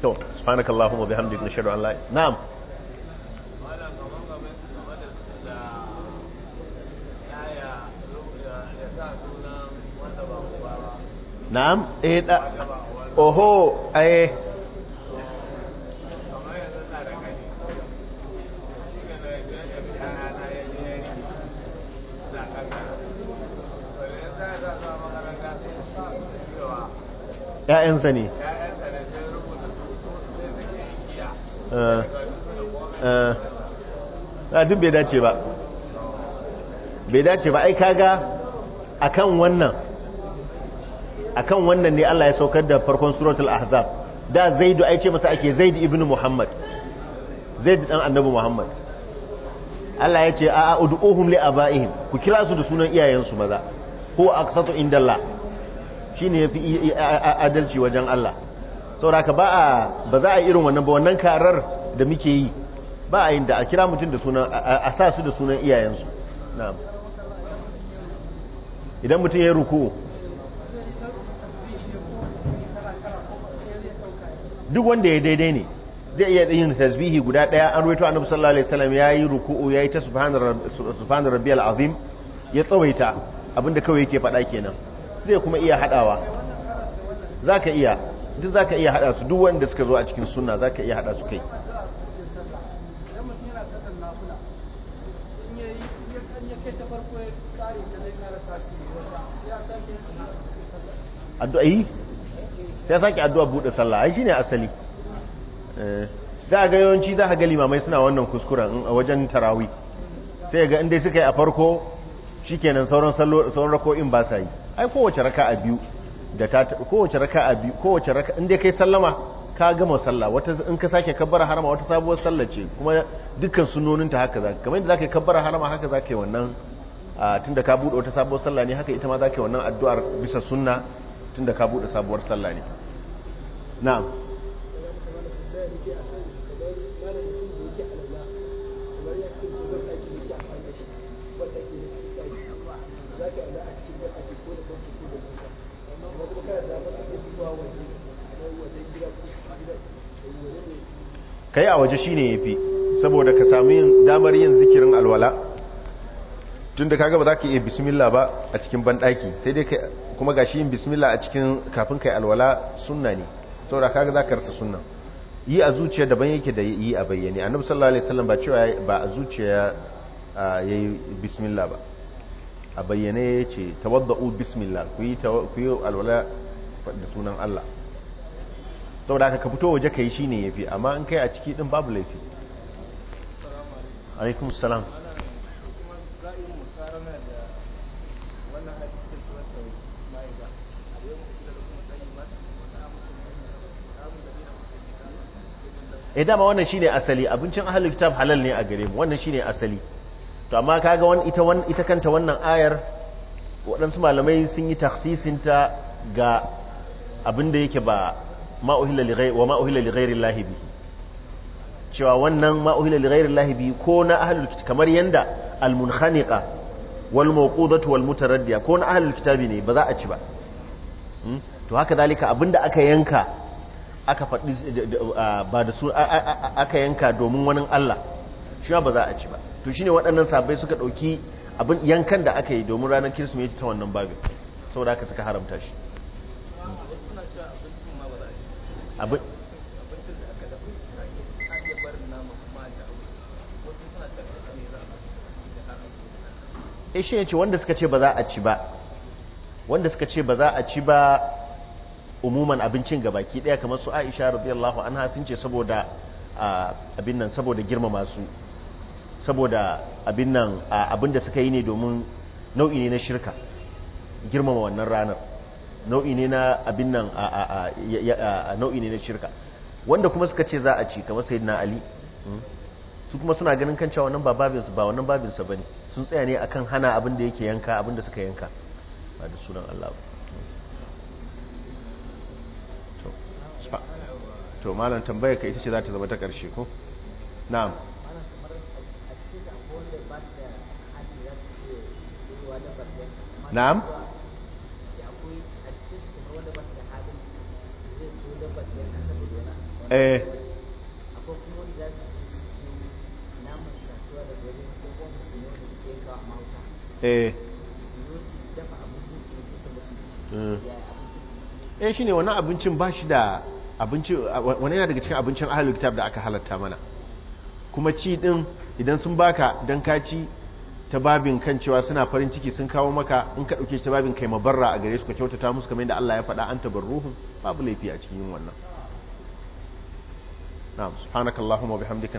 to subhanakallahumma bihamdika nashhadu an la na'am na'am eh da oho aye eh. ‘ya'yansa ne eh, eh. a ah, duk bai dace ba bai dace ba ai kaga akan wannan akan wannan ne Allah ya saukar da farkon suratul ahzab da zaidu ai ce masa ake zaidu ibnu muhammad zaidu dan annabi muhammad Allah ya ce a ud'uhum li abaihim ku kira su da sunan iyayensu maza ko aqsatu indallah shine yafi adalci wajen Allah saboda ka ba a ba za a yi irin wannan ba wannan karar da muke yi ba a yin da a kira mutun da sunan a sa su da sunan iyayensu na'am idan mutum ya ruku duk wanda ya daidai ne zai iya yin tasbihi guda daya an ruwaito annabi sallallahu alaihi wasallam yayi ruku'u yayi ta subhana rabbiyal azim ya tsawaita abinda kawai yake faɗa kenan zai kuma iya hadawa zaka iya duk zaka iya hada su duk wanda suka zo a cikin sunna zaka iya hada su kai addu'a yi sai sake addu'a bude sallah ai shine asali eh, za ga yawanci za ga limamai suna wannan kuskuren a wajen tarawi sai ga inda suka yi a farko shikenan sauran sauran rako'in ba sa yi ai kowace raka'a biyu da ta kowace raka'a biyu kowace raka'a inda kai sallama ka gama sallah wata in ka sake kabbara harama wata sabuwar sallah ce kuma dukkan sunnonin ta haka zaka kamar yadda zaka kabbara harama haka zaka yi wannan ah, tunda ka bude wata sabuwar sallah ne haka ita ma zaka yi wannan addu'ar bisa sunna tun da ka buɗe sabuwar sallah ne na kai a waje shine yafi saboda ka sami damar yin zikirin alwala tun da kaga ba za ka iya bismillah ba a cikin banɗaki sai dai kuma ga shi yin bismillah a cikin kafin kai alwala sunna ne saboda kaga za ka rasa sunna yi a zuciya daban yake da yi a bayyane annabi sallallahu alaihi wasallam ba cewa ba a zuciya ya yi bismillah ba a bayyane ce tawadda'u bismillah ku yi ku yi alwala da sunan Allah saboda haka ka fito waje kai shine yafi amma in kai a ciki din babu laifi alaikum E wannan eh, dama wannan shine asali abincin ahlul kitab halal ne a gare mu wannan shine asali to amma kaga wani ita ita kanta wannan ayar waɗansu malamai sun yi taksisin ta ga abin da yake ba ma'uhilla li wa ma'uhilla li ghairi llahi cewa wannan ma'uhilla li ghairi llahi bihi ko na ahlul kitab kamar yanda al munkhaniqa wal mawqudatu wal mutaraddiya ko na ahlul kitabi ne ba za a ci ba hmm? to haka zalika abinda aka yanka aka faɗi eh, eh, eh, ah, ba da su aka yanka domin wani Allah shi ba za a ci ba to shine waɗannan sabai suka ɗauki abin yankan da aka yi domin ranar kirsimeti ta wannan babin saboda aka suka haramta shi hmm. abin ishe eh, ya yace wanda suka ce ba za a ci ba wanda suka ce ba za a ci ba umuman abincin baki daya kamar su Aisha radiyallahu anha sun ce saboda abin nan saboda girmama su saboda abin nan abin da suka yi ne domin nau'i ne na shirka girmama wannan ranar nau'i ne na abin nan nau'i ne na shirka wanda kuma suka ce za a ci kamar sayyidina Ali hmm? su kuma suna ganin kan cewa wannan ba babinsu ba wannan babinsa bane sun tsaya ne akan hana abin da yake yanka abin da suka yanka ba da sunan Allah to malam tambayar ka ita ce za ta zama ta ƙarshe ko na'am na'am eh eh eh shine wannan abincin ba shi da abinci wani yana daga cikin abincin ahalul kitab da aka halatta mana kuma ci din idan sun baka dan ka ci ta babin kan cewa suna farin ciki sun kawo maka in ka dauke shi ta babin kai mabarra a gare su ka kyautata musu kamar yadda Allah ya faɗa an tabarruhum babu laifi a cikin wannan na'am subhanakallahumma bihamdika